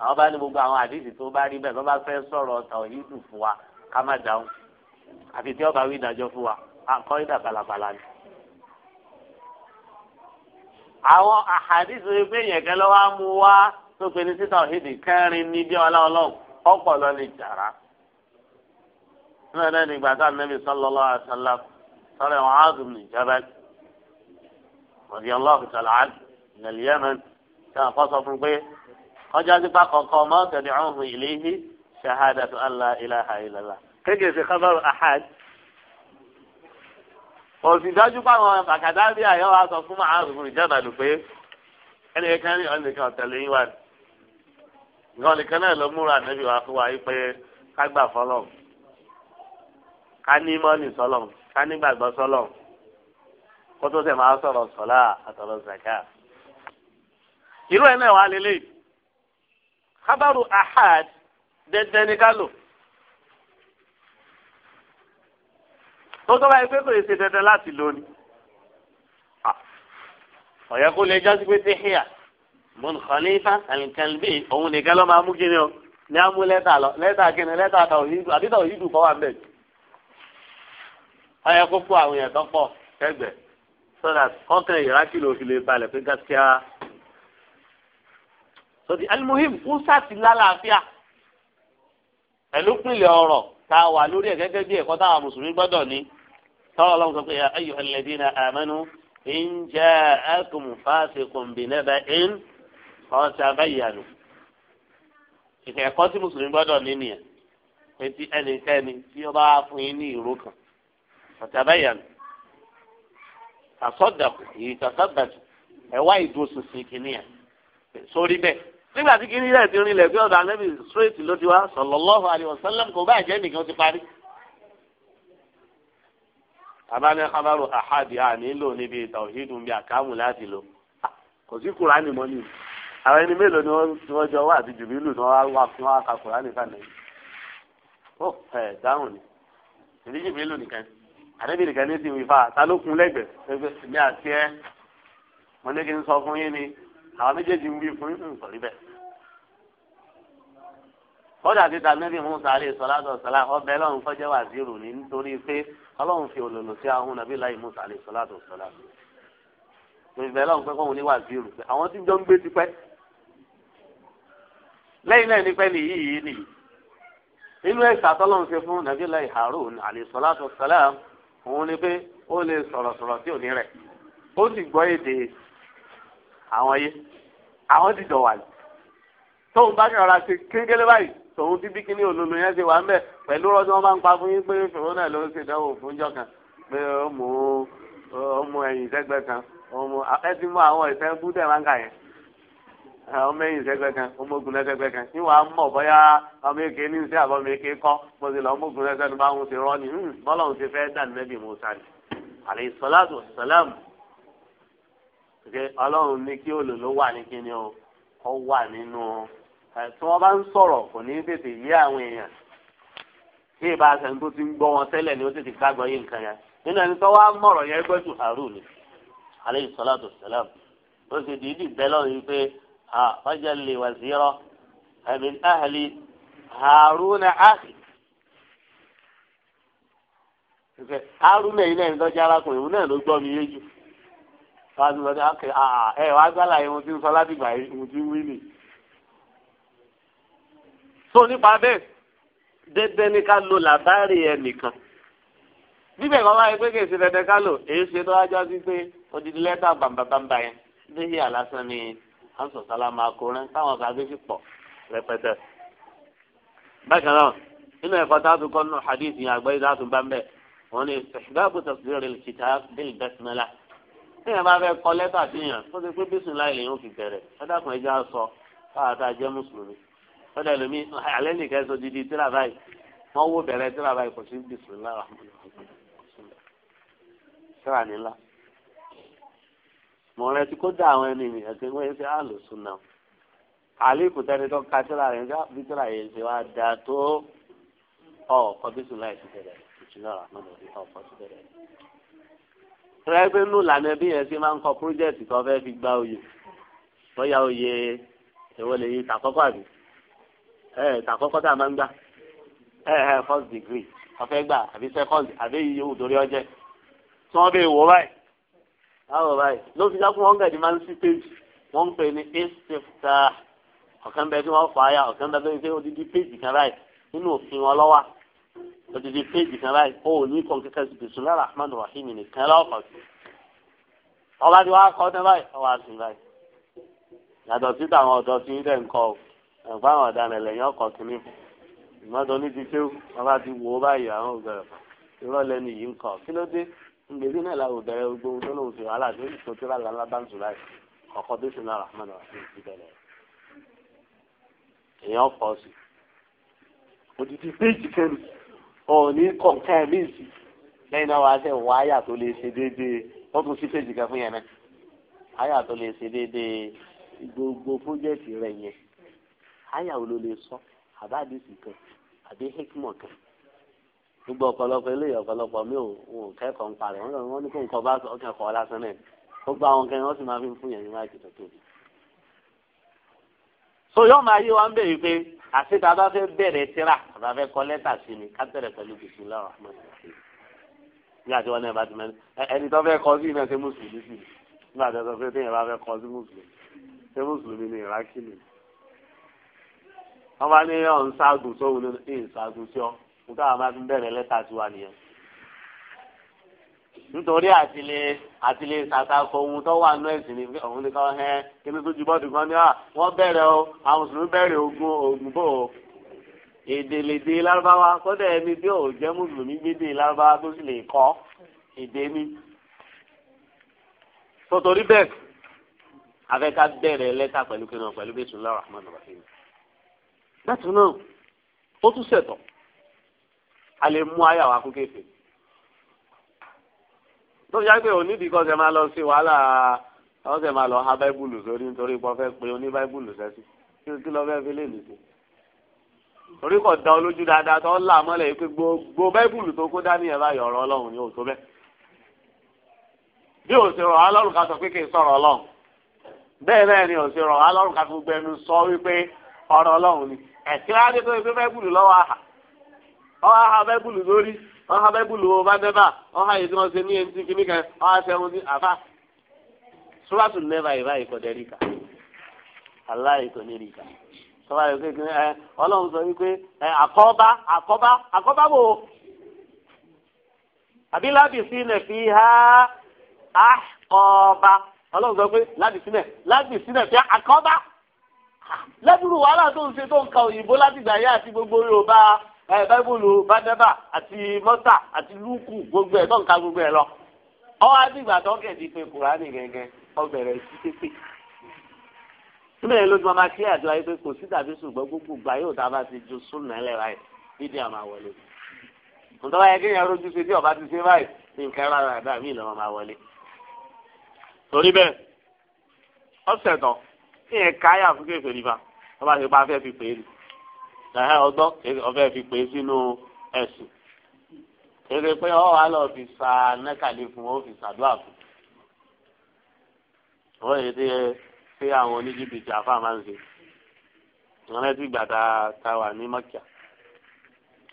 àwọn bá ní gbogbo àwọn àdìsí tó bá rí bẹ́ẹ̀ tó bá fẹ́ sọ̀rọ̀ yìí dùn fún wa ká má dáhùn ọba wí ìdájọ́ fún wa ìdá balabala ni. àwọn àdìsí pé lọ́wọ́ á mú wá tó pe ní títà kẹrin ní bí ọlá ọlọ́run ọ̀pọ̀ lọ lè jàrá. nínú a nẹ́bi طلع معاذ بن جبل رضي الله تعالى عنه من اليمن كان فصل في البيت قد جاءت بقى قوما تدعوه إليه شهادة أن لا إله إلا الله كيف في خبر أحد òsìdájú báwọn àkàdábí àyẹ̀wò aṣọ fún màálù fún ìjọba lù pé ẹnì kan ní ọ̀nì kan tẹ̀lé yín wá ní ọ̀nì kan náà ló múra nẹ́bí wá fún wa yìí pé ká gbà fọlọ́m ká ní mọ́nì sọlọ́m ká nígbàgbọ́ sọ́lọ̀ kó tó sẹ̀ máa sọ̀rọ̀ sọ̀lá àtọ̀rọ̀ zaka. irú ẹ̀ náà wà lélẹ̀ kábàrù ahad dẹ́dẹ́ ní ká lò. tó tọ́ báyìí pé kò ṣe dandan láti lò ní. ọ̀yẹ́ ah, kó lè jásí pé tíhíà mọ̀n kọ́lífà àlìkànlbí òun nìkan ló máa mú kíni o ní amú lẹ́tà lọ lẹ́tà kíni lẹ́tà tàwíìdù àbí tàwíìdù kọ́ wà bẹ́ẹ̀ ọyẹ kókó àwọn èèyàn tó pọ̀ kẹgbẹ́ sọdà kọ́kẹ́ ìrákì ló fi lè balẹ̀ pé gáskíá sọdí alimuhim kún sáàtì lálàáfíà pẹ̀lú pínlẹ̀ ọ̀rọ̀ tá a wà lórí ẹ̀ gẹ́gẹ́ bí ẹ̀kọ́ táwọn mùsùlùmí gbọ́dọ̀ ní tọ́wọ́ ọlọ́run sọ pé ya ayyuhal ladina amanu in ja'akum fasiqun binaba'in fatabayyanu ìkẹ́kọ́ tí mùsùlùmí gbọ́dọ̀ ní tí ẹnikẹ́ni tí ní ìró fatabayan tasọdàkù yìí tasọdàkù ẹwà ìdúróṣinṣin kìnìyà sórí bẹ́ẹ̀ nígbà tí kìnìyà rẹ ti rinlẹ̀ bí ọ̀dọ̀ anẹ́bí straight ló ti wá sallallahu alaihi wasallam kò bá jẹ́ nìkan ti parí. abáni kábàrò àhádì á nílò níbi tawhidun bí àkàmù láti lò kò sí kúránì mọ́ nìyí àwọn ẹni mélòó ni wọ́n jọ wá àti jùbílù ni wọ́n wá fún wa ka kúránì fànẹ́yìn ó ẹ̀ dáhùn ni ìdíjì mélòó nìkan àdébì nìkan ní ti wí fa ta ló kun lẹ́gbẹ̀ẹ́ pé mi àti ẹ mo ní kí n sọ fún yín ni àwọn méjèèjì ń wí fún yín sọ níbẹ̀. kódà ti ta nẹ́bí musa alẹ́ sọlátọ̀ sọlá ọbẹ̀ lọ́run fọ́jẹ́ wà zero ní nítorí pé ọlọ́run fi òlòlò sí ahun nàbí láì musa alẹ́ sọlátọ̀ sọlá. ìbẹ̀ lọ́run pẹ́ kọ́hún ní wà zero pé àwọn tí jọ ń gbé tipẹ́. lẹ́yìn náà ní pẹ́ nìyí yìí nìyí. inú ẹ̀sà tọ́lọ́run ṣe fún nàbí láì harun alẹ́ sọlátọ̀ sọlá òun ni pé ó lè sọ̀rọ̀ sọ̀rọ̀ tí ò ní rẹ̀ ó sì gbọ́ èdè àwọn yé àwọn ti dọ̀wà ní. tóun bá kẹ́rọ̀ra ṣe kéńkélé báyìí tòun ti bí kíní olólo yẹn ti wà ń bẹ̀ pẹ̀lú rọ́ọ̀tì wọn bá ń pa fún yín pé fèrè náà ló ń ṣe ìdánwò fún jọ kan pé ó mú ó mú ẹ̀yìn sẹ́gbẹ̀ẹ́ kan ó mú ẹ mú àwọn ìfẹ́ bú máa ń kà yẹn ọmọ ẹ̀yìn sẹ́gbẹ́ kan ọmọ ogun lẹ́sẹ̀gbẹ́ kan níwọ̀n á mọ̀ ọmọ èké ní sẹ́ àbọ̀ ọmọ èké mo sì lọ ọmọ ogun lẹ́sẹ̀nu bá ń ṣe rọ́ ni hmm, bọ́lá òun ti fẹ́ dà ní nẹ́bí musa ni àlè sọláàtù sọláàm ṣe ní kí olùlọ wà ní kíni o ọ wà nínú ẹ tí wọ́n bá ń sọ̀rọ̀ kò ní tètè yé àwọn èèyàn tí ìbá aṣẹ́ni tó ti ń gbọ́ wọn tẹ́lẹ̀ ni ó tètè gbàgbọ́ yé nǹkan yẹn nínú ẹni tó wá mọ̀rọ̀ yẹn gbẹ́jù harun ni àlè sọláàtù sọláàm ó sì dìídì bẹ́ẹ̀ فاجعل لي وزيرا من أهلي هارون أخي هارون yìí lẹ́yìn tó jẹ́ arákùnrin òun náà ló gbọ́ mi yé jù fáwọn ọdún ọkẹ ẹ wàá gbàlà yìí mo ti ń sọ láti gbà yìí mo ti ń wí nì. so nípa bẹ́ẹ̀ dédé ní ká lo làbárì ẹnìkan bíbẹ̀ kan wáyé pé kèsì si, ká lò èyí ṣe tó wájú sí pé odidi lẹ́tà bàǹbàǹbà yẹn déhìí àlásán ni kánsọ̀ sálámà akọrin táwọn sàbí sì pọ̀ rẹpẹtẹ. bákan náà nínú ẹ̀kọ́ tá a tún kọ́ nínú hadith yẹn àgbáyé tá a tún bá ń bẹ̀ wọ́n ní ìṣèṣìbáàbò tẹ̀síwìrì kìtà bíi bẹ́sìmẹ́lá. téèyàn bá fẹ́ kọ lẹ́tà sí yàn tó ti pé bísùn láì lèyàn fi bẹ̀rẹ̀ ẹ̀dàkùn ẹja sọ káà tá a jẹ́ mùsùlùmí. ọ̀dà ẹlòmí alẹ́ nìkan sọ didi tíra wọ́n wó bẹ̀rẹ̀ tíra kò sí bísùn láì mọ rẹ ti kó dá àwọn ẹni nìyẹn tí wọn ṣe àlùsùn náà àlékún tẹni tó ka síra rẹ nígbà bíjọra yẹn ṣe wá da tó ọ kọbísùn láì ti bẹ̀rẹ̀ ìṣúná rà mọdọ ní ọkọ ti bẹ̀rẹ̀. rẹgbẹnú lànà bí yẹn ṣe máa ń kọ pírójẹ́tì tó fẹ́ fi gba oyè lọ́yà oyè èwo lè yí tàkọ́kọ́ àbí ẹ tàkọ́kọ́ tá a máa ń gbà ẹ ẹ first degree ọ̀fẹ́ gbà àbí second àbí iye òdòrí ọjẹ́ tí wọ́n bẹ wò báyìí báwo báyìí ló fi dákun wọn gàdí máa ń sí péjì wọn ń pè ní istifta ọ̀kan bẹ tí wọ́n fà á yà ọ̀kan bẹ tí wọ́n odidi péjì kan báyìí nínú òfin wọn lọ́wọ́ odidi péjì kan báyìí ó ní kàn kíkà sí bisimilahi rahman rahim nìkan lọ́kọ̀ sí ọba tí wọ́n á kọ́ tán báyìí ọba sí báyìí yàtọ̀ sí tàwọn ọ̀dọ́ sí ilé ńkọ ẹ̀gbọ́n àwọn ọ̀daràn gbèsè náà la ò bẹ̀rẹ̀ gbogbo ohun tó lóun ṣe wàhálà tó ìṣó tó lára alábàǹtù láì ọkọ̀ tó ṣe náà rahman rahim ti bẹ̀rẹ̀ èèyàn fọ́ sí òdìdí péjì kẹ́lù òní kọ̀ǹkà ẹ̀mí sí lẹ́yìn náà wàá tẹ̀ wọ àyà tó lè ṣe déédéé wọ́n tún sí péjì kan fún yẹn náà àyà tó lè ṣe déédéé gbogbo fúnjẹ́ẹ̀tì rẹ̀ yẹn àyà wo ló lè sọ àbá àdìsí kan àbí hekima kan gbogbo ọ̀pọ̀lọpọ̀ eléyìí ọ̀pọ̀lọpọ̀ mi ò ò kẹ́kọ̀ọ́ ń parẹ́ wọn wọn ní kó nǹkan bá ọkàn kọ́ lásán náà gbogbo àwọn kẹrin wọn sì máa fi ń fún yẹn ní máàkì tó tóbi. so yóò máa yé wa ń bèrè pé àti tá a bá fẹ́ bẹ̀rẹ̀ tíra a bá fẹ́ kọ́ lẹ́tà sí mi ká bẹ̀rẹ̀ pẹ̀lú bismillahir rahmanir rahim ní àti wọn náà bá ti mẹ́rin ẹni tó fẹ́ kọ́ sí mùsùlùmí sí nígbà tó sọ pé téèyàn bá fẹ́ kọ́ sí mùsùlùmí ni ìrákì ni wọ́n bá òun táwọn máa fi bẹ̀rẹ̀ lẹ́tà sí wa nìyẹn nítorí àtìlẹ àtìlẹ ṣàtàkọ ohun tó wà nínú ẹsìn ní òun nìkan ẹ kíni tó ju bọ́ọ̀dù kan ní à wọ́n bẹ̀rẹ̀ o àwọn mùsùlùmí bẹ̀rẹ̀ ogun ogun bò ó èdèlédè lárúbáwá kọ́dọ̀ ẹni bí ò jẹ́ mùsùlùmí gbédè lárúbáwá tó sì lè kọ́ èdè mi. tòtòrí bẹ́ẹ̀ afẹ́ká bẹ̀rẹ̀ lẹ́tà pẹ̀lú kí náà pẹ̀lú bẹ́ẹ̀ sùn lọ́rọ̀ àmọ́ nàbàfẹ́ mi. láti náà ó tún ṣẹ̀tọ̀ a lè mú àyà wa kú kéfè tó yá pé onídìí kan ṣe máa lọ sí wàhálà wọn ṣe máa lọ ha báíbùlù sórí nítorí pé wọn fẹ́ pe oní báíbùlù sẹ́sí kí ló fẹ́ fi lè lè ṣe torí kò da olójú dáadáa tó ń là mọ́lẹ̀ yìí pé gbogbo báíbùlù tó kó dání ẹ̀ báyọ̀ ọ̀rọ̀ ọlọ́run ni ò tó bẹ́ẹ̀ bí ò rọ̀ á ká sọ pé kì í sọ̀rọ̀ ọlọ́run bẹ́ẹ̀ náà ni ò rọ̀ á ká fi gbẹnu sọ wípé ọ̀rọ̀ ọlọ́run ni ẹ̀sìn á dé tó ibi báíbùlù lọ́wọ́ àhà ọha ha bẹ́bùlù lórí ọha bẹ́bùlù ọba nẹ́bà ọha yìí tí wọ́n ṣe ní ẹni tí kìíní kan ọha sẹ́wọ́n ní àbá sùràtù nẹ́bà ìbá ìkọ̀dẹ́ ríkà aláì kò ní ríkà tọ́ba yìí kékeré ẹ ọlọ́run sọ wípé ẹ àkọ́bá àkọ́bá àkọ́bá wò àbí lábìsí nẹ̀ fi há àkọ́bá ọlọ́run sọ pé lábìsínẹ̀ lábìsínẹ̀ fi àkọ́bá lẹ́dúró wàhálà tó ń ṣe tó ń ka òyìnbó láti gbà yá àti gbogbo yorùbá ẹ báíbùlù bádẹ́bà àti mọ́tà àti lúkù gbogbo ẹ̀ tọ́ǹka gbogbo ẹ̀ lọ. ọwọ́ àdìgbà tó kẹ̀dí pé kùránì gẹ́gẹ́ ọbẹ̀rẹ̀ sí pépè. síbẹ̀ ló ti máa kí àjọ ayé pé kò sí tàbí ṣùgbọ́n gbogbo gbà yóò tá a bá ti ju súnà ẹ̀ lẹ́ra ẹ̀ bídí àmà wọlé. ǹtọ́ba yẹ kéèyàn rojú ṣe tí ọba ti ṣe báyìí nǹkan rárá ẹ̀dá mi lọ́mọ máa wọlé. torí bẹ́ẹ̀ ọ̀sẹ̀ tán kéèyàn káyà fún ẹ̀hẹ́ ọgbọ ọ̀fẹ́ fi pè sínú ẹ̀sìn kéde pé ọ wà lọ fi sa nẹ́kàlí fún ọ fi sàdúrà fún ọ yìí ti ṣe àwọn oníjìbìtì ta wà ní mọ́kíà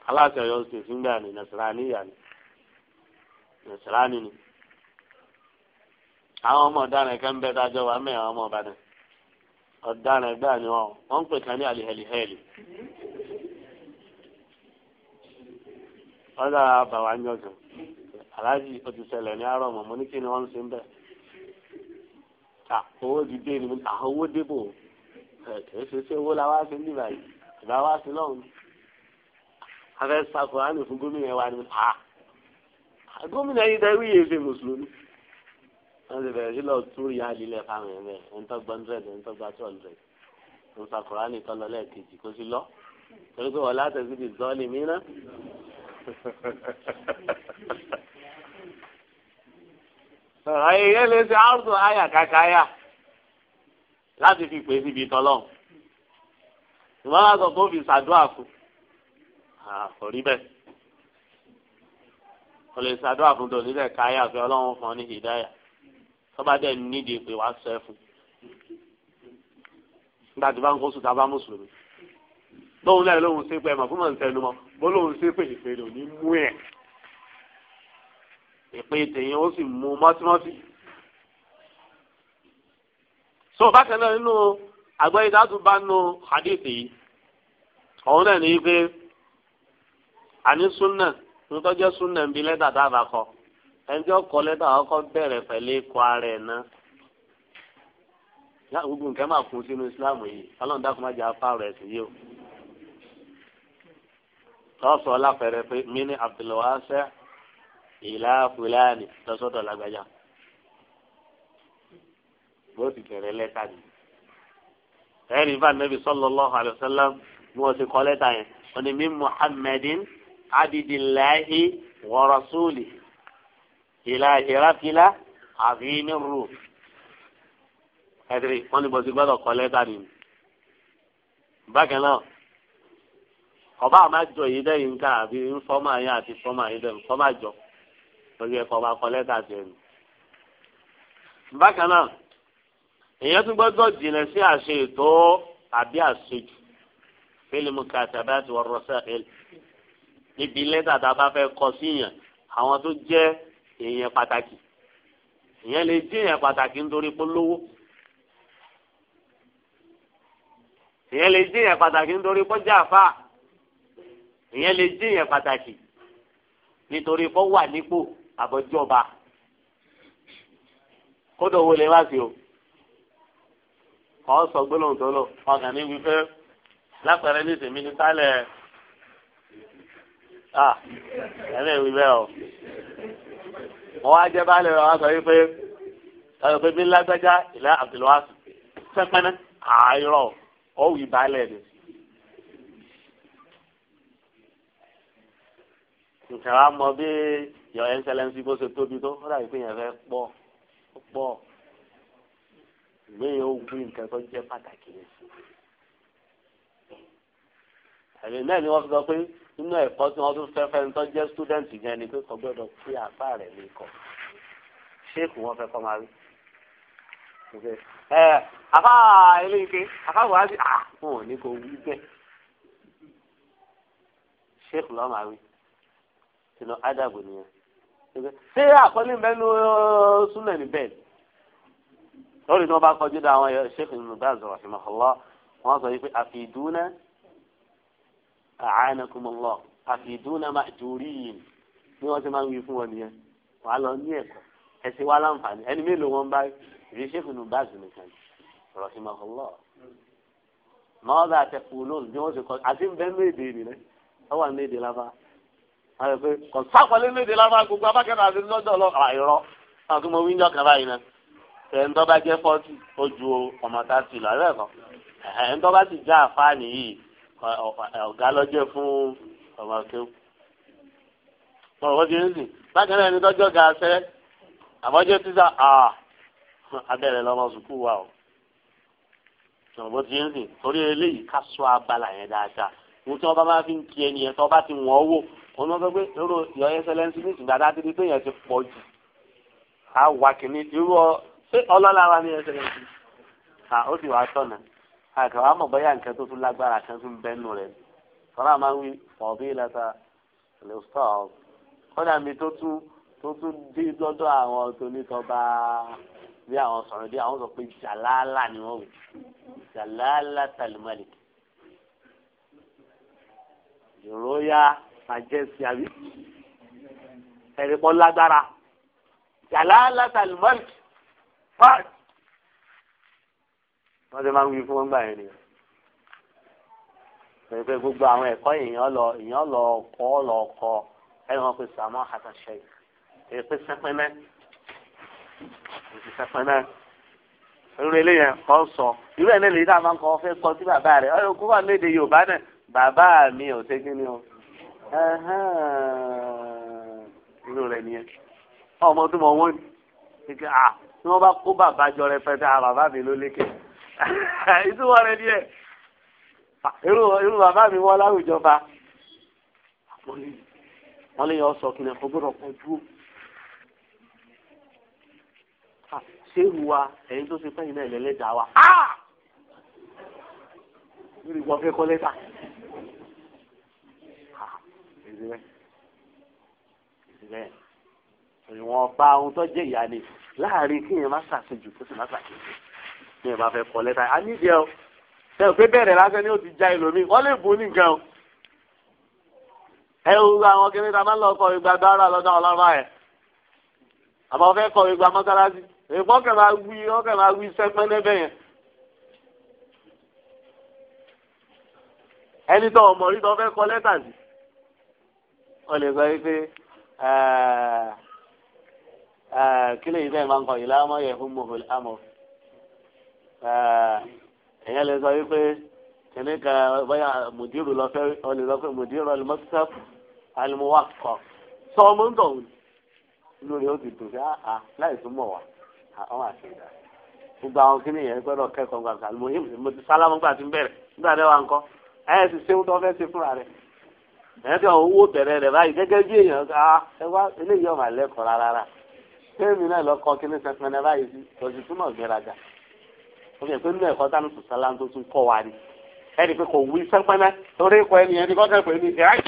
aláṣẹ Ọ̀yọ́ ṣe fúngbà ní ìyá ni a ni àwọn ọmọ ọ̀daràn kan wa ọmọ ọ̀daràn ẹgbẹ́ àná wọn wọ́n ń pè kan ní àlìhẹ́lìhẹ́lì. wọ́n dára bàwá ń yọ̀gàn aláàjì òtútẹ̀lẹ̀ ní àárọ̀ mọ̀ mo ní kí ni wọ́n ń ṣe ń bẹ̀. owó ti ni àwọn owó débò kìí ṣe ṣé owó la wá sí níbà yìí ìbá wá sí lọ́hùn. afẹ́ sakura fún gómìnà wa ni gómìnà yìí dẹ́rù yìí ṣe mùsùlùmí wọ́n ti bẹ̀rẹ̀ sí lọ túrú yá lílẹ̀ fáwọn ẹ̀mẹ́ ẹ̀ ń tọ́gbà hundred ẹ̀ ń tọ́gbà two hundred ń sa kùránì tọ́ lọ lẹ́ẹ̀kejì kó sí lọ torí pé wọ́n látẹ̀sí ti zọ́ọ̀lì mìíràn. ayé yẹn lè ṣe áùsùn àyà kàkàyà láti fi pè é síbi tọ́lọ́hùn ìwọ́n á sọ pé ó fi ṣàdúrà fún àkòrí bẹ́ẹ̀ ó lè ṣàdúrà fún tòun nílẹ̀ káyà fi ọlọ́run fún ọ ní hìdáyà tọ́ba dẹ̀ nídìí pé wàá sọ nígbà tí bá ń kó sùn tábà mùsùlùmí lóhun náà lóhun sí pé ẹ mọ̀ fún mọ̀ ń tẹnu mọ́ bó lóhun sí pé ìpè lò ní mú ẹ̀ ìpè tèyàn ó sì mú mọ́tímọ́tì. so bákan náà nínú àgbẹ̀yìn dáàtú nù hadith yìí ọ̀hún náà ní pé àní súnà ní súnà ń bi lẹ́tà tá kọ́ ẹnjọ́ kọ lẹ́tà ọkọ bẹ̀rẹ̀ pẹ̀lú ikọ̀ ara ẹ̀ náà yá gbogbo nǹkan máa kún sínú islam yìí ọlọ́run dákun má jẹ́ apárọ̀ ẹ̀sìn yìí o tọ́sọ̀ ọlápẹ̀rẹ̀ pé mí ní abdulwasa ìlà fúlàní lọ́sọ̀dọ̀ lágbájá bó ti bẹ̀rẹ̀ lẹ́tà ni ẹ̀rí bá nẹ́bí sallallahu alaihi wasallam bí wọ́n ti kọ́ lẹ́tà yẹn wọ́n ní min muhammadin abdillahi wa rasulihi ìlà ìrafilá àfi nírú ẹtìrì wọn ni bọ̀sí gbọ́dọ̀ kọ́ lẹ́tà ni bákan náà ọba àmà jọ yìí dẹ́yìn nǹkan àbí ńfọ́mà yẹn àti fọ́mà yìí dẹ́yìn fọ́mà jọ lórí ẹ̀kọ́ ọba kọ́ lẹ́tà tiẹ̀ nù. bákan náà èèyàn tún gbọ́dọ̀ jìnà sí àṣẹ ètò àbí àṣejù fílímù kàtàbí àti wọ́n rọ́ṣẹ́ níbi lẹ́tà tá a bá fẹ́ kọ síyàn àwọn tó jẹ́ èèyàn pàtàkì èèyàn lè jẹ́ èèyàn pàtàkì nítorí pé lówó èèyàn lè jẹ́ èèyàn pàtàkì nítorí pé jàfa èèyàn lè jẹ́ èèyàn pàtàkì nítorí pé wà nípò àbọ̀jọba kódò wo lè wá sí o kọ́ sọ gbólóhùn tó lò ọkàn níbi fẹ́ lápẹ̀rẹ́ ní tèmi ní sálẹ̀ ẹ̀mí ìwé bẹ́ẹ̀ o wọ́n wá jẹ́ báyìí lọ́wọ́ sọ wípé sọ pé bí lágbájá ìlà àbdùlwàsì sẹ́pẹ́nẹ́ àìrọ̀ ọ̀wì báyìí ni. nǹkan wa mọ bí yọ ẹnsẹlẹnsì bó ṣe tóbi tó ó dàbí pé yẹn fẹ́ pọ̀ pọ̀ ìwé yẹn nǹkan tó jẹ́ pàtàkì yẹn. ẹ̀mí náà ni wọ́n fi sọ pé nínú ẹ̀kọ́ tí wọ́n tún fẹ́ fẹ́ ń tọ́jú student gan ni pé kò gbọ́dọ̀ pé àbá rẹ̀ lè kọ̀ ṣéèkù wọn fẹ́ kọ́ máa rí. ẹ eléyìíké àfa wàá sí à ò ní kò wí bẹ́ẹ̀ ṣéèkù lọ́ọ́ máa wí sínú ádàbò nìyẹn. ṣé àkọlé ń bẹ ní súnà ní lórí tí wọ́n bá kọjú dá àwọn ṣéèkù nínú bá àzọ̀rọ̀ ṣe mọ̀ wọ́n sọ wípé àfi ìdúná a'anakumullah àfìdúnà máa jòrí yìí bí wọ́n ti máa ń wí fún wọn nìyẹn wà á lọ ní ẹ̀kọ́ ẹ̀sìn wa láǹfààní ẹni mélòó wọn bá rí sẹ́kùnù báàgì nìkan rahimahullah mọ́ọ́dà àtẹ̀kùnún bí wọ́n ti kọ́ àti ń bẹ́ méde nìyẹn wọ́n wà méde lábá àwọn ẹgbẹ́ kò sáfọlé méde lábá gbogbo abákẹ́rẹ́ àti lọ́dọ̀ lọ àìrọ́ àwọn tó mọ wíńdọ̀ kan báyìí náà ẹ̀ńdọ́ bá jẹ́ fọ́tì ó ọmọ tá a ti lọ ẹ̀rẹ́ kan ẹ̀ńdọ́ bá ti já àfáàní yìí ọ̀gá lọ́jọ́ fún ọmọ akéwù. Bọ̀ wọ́n ti ń sìn. Bákan náà ni tọ́jọ́ ga sẹ́. Àmọ́jọ́ tíṣà abẹ́rẹ́ lọ́mọ sùkú wa o. Sọ̀rọ̀ bó ti ń sìn. Torí eléyìí ká sọ abala yẹn dáadáa. Mo tí wọ́n bá máa fi ń kí ẹni yẹn tó bá ti wọ́n wò. Òun náà sọ pé lóró yọ ẹsẹlẹ́nsì ní ìsìnkú àdáàdé ni pé yẹn ti pọ̀ jù. Àwa kìíní irú ọ ṣé ọlọ́lá wa ní ẹsẹlẹ́nsì? À ó sì wá tọ̀nà àkàwé àmọ̀ bóyá nǹkan tó tún lágbára kan tún bẹ́nu rẹ̀ sọ́ra máa ń wí fọ̀bí lẹ́ta lẹ́sítọ̀ kọ́dà mi tó tún tó tún dé lọ́dọ̀ àwọn tonítọ́ba bí àwọn sọ̀rọ̀ bí àwọn sọ pé jàlálà ni wọ́n wò jàlálà tàlùmọ́lì ìròyà àjẹsí àbí ẹ̀rí pọ́ lágbára jàlálà tàlùmọ́lì fáàtì wọ́n ti máa ń wí fún gbà yẹn nìyẹn pẹ̀lú gbogbo àwọn ẹ̀kọ́ èèyàn lọ èèyàn lọ kọ́ lọ kọ́ ẹ̀rọ wọn pe sàmọ́ àtàṣe èyí pé sẹ́pẹ́mẹ́ èyí sẹ́pẹ́mẹ́ irú eléyẹn kọ́ sọ irú ẹ̀ náà lè dá máa ń kọ́ fẹ́ kọ́ sí bàbá rẹ̀ ọ̀rọ̀ kó wà léde Yorùbá náà bàbá mi ò ṣe kí ni o irú rẹ̀ nìyẹn ọmọ tó mọ wọ́n ni wọ́n bá kó bàbá jọ rẹpẹtẹ àbàbá mi ló lékè. [laughs] ìtumọ̀ rẹ̀ díẹ̀ irú bàbá mi wọ́n láwùjọ ba wọ́n lè yọ sọ kìnìún fún gbọ́dọ̀ pọ̀ ju ṣéwù wa ẹ̀yin tó ṣe fẹ́yìn náà lẹ́lẹ́dàá wa lórí ìwọ fẹ́ kọ́ lẹ́tà ìrẹ́ ìwọ̀nba ohun tó jẹ́ ìyá ni láàrin kéèyàn má ṣàṣejù kó sì má ṣàṣejù mi ò bá kọ lẹ́tà a o ṣe ò pé bẹ̀rẹ̀ lásán ni ó ti já ìlòmíì wọ́n lè bù ní nǹkan o. ẹ wo àwọn kiri ta máa ń lọ kọ ìgbà dára lọ́dọ̀ ọlọ́run ẹ̀ àmọ́ fẹ́ kọ ìgbà mọ́sálásí èèpọ̀ kẹ̀ máa wí ọkẹ̀ máa wí sẹ́pẹ́ lẹ́bẹ̀ yẹn. ẹni tó ọmọ rí tó fẹ́ kọ lẹ́tà sí ọ lè sọ wípé kí lè yí sẹ́yìn máa ń kọ ìlànà yẹ fún mọ̀fẹ́lẹ́ ẹ̀yẹ́ lè sọ wípé kìnní kan bóyá mùdírù lọ fẹ́ ọlẹ́ lọ fẹ́ mùdírù alimọ́sítẹ́f alimọ́wàkọ̀ sọ ọmọ ń dọ̀wù lórí ó ti dùn sí àá láì súnmọ̀ wá àwọn àti ìdá gbogbo àwọn kìnní yẹn gbọ́dọ̀ kẹ́kọ̀ọ́ gbàgbà alimọ́yìn mo ti sálámù gbà tí ń bẹ̀rẹ̀ nígbà tẹ́ wà ń kọ́ ẹ̀yẹ́ ti ṣe ń tọ́ fẹ́ ṣe fúnra rẹ̀ ẹ̀yẹ́ ti owó bẹ̀rẹ̀ rẹ̀ báyìí ó fi nínú ẹ̀kọ́ sánú sùn sálá tó tún kọ́ wa ni ẹni pé kò wí sẹ́pẹ́mẹ́ torí ikọ̀ ẹni ẹni kọ́ kẹ́kọ̀ọ́ ẹni ẹ̀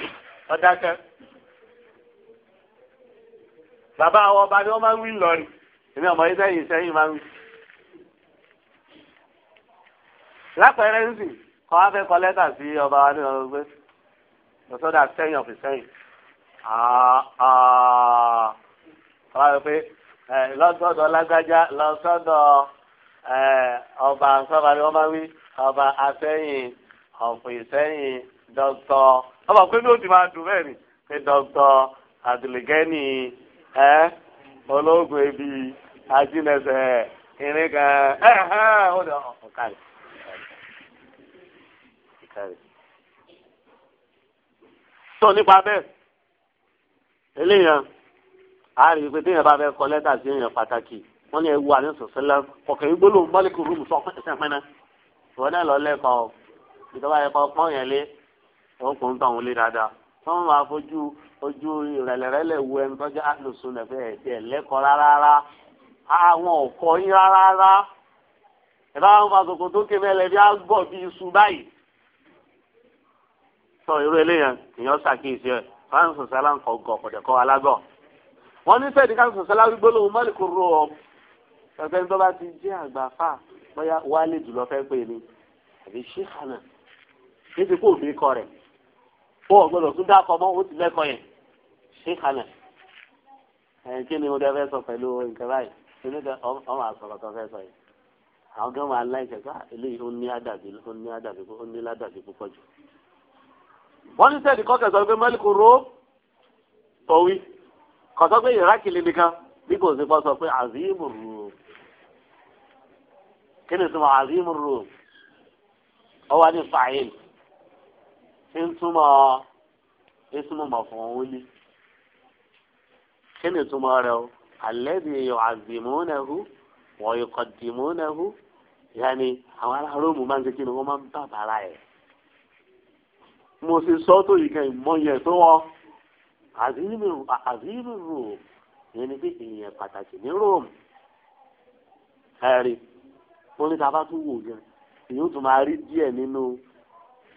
ọ̀dákẹ́. bàbá àwọn ọba ni wọ́n máa ń wí lọ́rì èmi ọmọ yìí sẹ́yìn sẹ́yìn máa ń wí. lápẹẹrẹ ń sìn kọ́ wá fẹ́ kọ lẹ́tà sí ọba wa ní ọ̀rọ̀ gbé lọ́sọ́dà sẹ́yìn ọ̀fìn sẹ́yìn. ọba rẹ pé lọ́sọ̀dọ̀ lágbájá lọ́sọ̀dọ̀. Eh, ọba nsọ́ba ni wọ́n máa wí ọba asẹ́yìn ọ̀pọ̀ ìsẹ́yìn dọ́kítọ́ ọba pé ní ó ti máa dùn bẹ́ẹ̀ ni pé dọ́kítọ́ àdìlẹ́gẹ́nì ẹ́ eh, ológun ebi ajínẹsẹ̀ irin kan ẹ̀ eh, ẹ́ ó dẹ̀ ọ̀kàrì. tó nípa bẹ́ẹ̀ eléyàn a rí i pé téèyàn bá fẹ́ kọ lẹ́tà sí èèyàn pàtàkì wọ́n ní ewu àní sọ̀sẹ́lá ọ̀kẹ́ gbólóhùn mọ́lẹ́kì rúùmù sọ pẹ́ẹ́sẹ̀pẹ́ẹ́nà ìwọ́n náà lọ lẹ́kọ̀ọ́ ìjọba ẹ̀kọ́ pọ́n yẹn lé wọ́n kò ń tọ̀ wọn lé dáadáa wọ́n máa fojú ojú ìrẹ̀lẹ̀rẹ̀lẹ̀ wu ẹni tó jẹ́ àlùsùn nàfẹ́ ẹ̀sẹ̀ lẹ́kọ̀ọ́ rárá àwọn ọ̀kọ́ yín rárá ìbá wọn fa sòkò tó kébé ẹlẹ́bí á gbọ́ bí iṣu báyìí sọ irú eléyàn èèyàn ṣàkíyèsí ẹ̀ fáwọn sọ̀sálà ń kọ̀ gọ̀ kọ̀dẹ̀kọ̀ alágọ̀ wọ́n ní sẹ́ẹ̀dì káwọn sọ̀sálà gbólóhùn mọ́lẹ̀kùn rọ̀ ọ̀sẹ̀ tó bá ti jẹ́ àgbàfà bóyá wálé jùlọ fẹ́ pè mí àbí ṣíkànà ní ti kó òfin kọ rẹ̀ ó ọ̀gbọ́dọ̀ tún dákọ̀ mọ́ ó ti lẹ́kọ̀ọ́ yẹn ṣíkànà ẹ̀yìn kí ni mo fẹ́ sọ pẹ̀lú nǹkan báyìí nínú ọmọ àsọ̀rọ̀ tó fẹ́ sọ yìí àwọn gan máa láìsẹ̀ ká eléyìí ó ní àdàbí ó ní àdàbí ó ní ládàbí púpọ̀ jù. wọ́n ní sẹ́ẹ̀dì kọ́kẹ́ sọ pé mọ́lìkù ro òwì kọ̀tọ́ pé ìrákìlì nìkan bí kò sí pọ́ sọ pé àzíìmù rò kí ni túmọ̀ azimu rum ó wá ní fàáyìn kí n túmọ̀ ismu maf'uli kí ni túmọ̀ rẹ o alladhi yu'azzimunahu wa yuqaddimunahu yanni àwọn ará róòmù máa ń ṣe kí ni wọ́n máa ń bàbára ẹ̀ mo ṣe sọ tó yìí kan ìmọ̀yẹ tó wọ́n azimu rum yẹn ni pé èèyàn pàtàkì ní róòmù ẹ̀rí wọn ní sábà tún wò gan èyí ó tún máa rí díẹ̀ nínú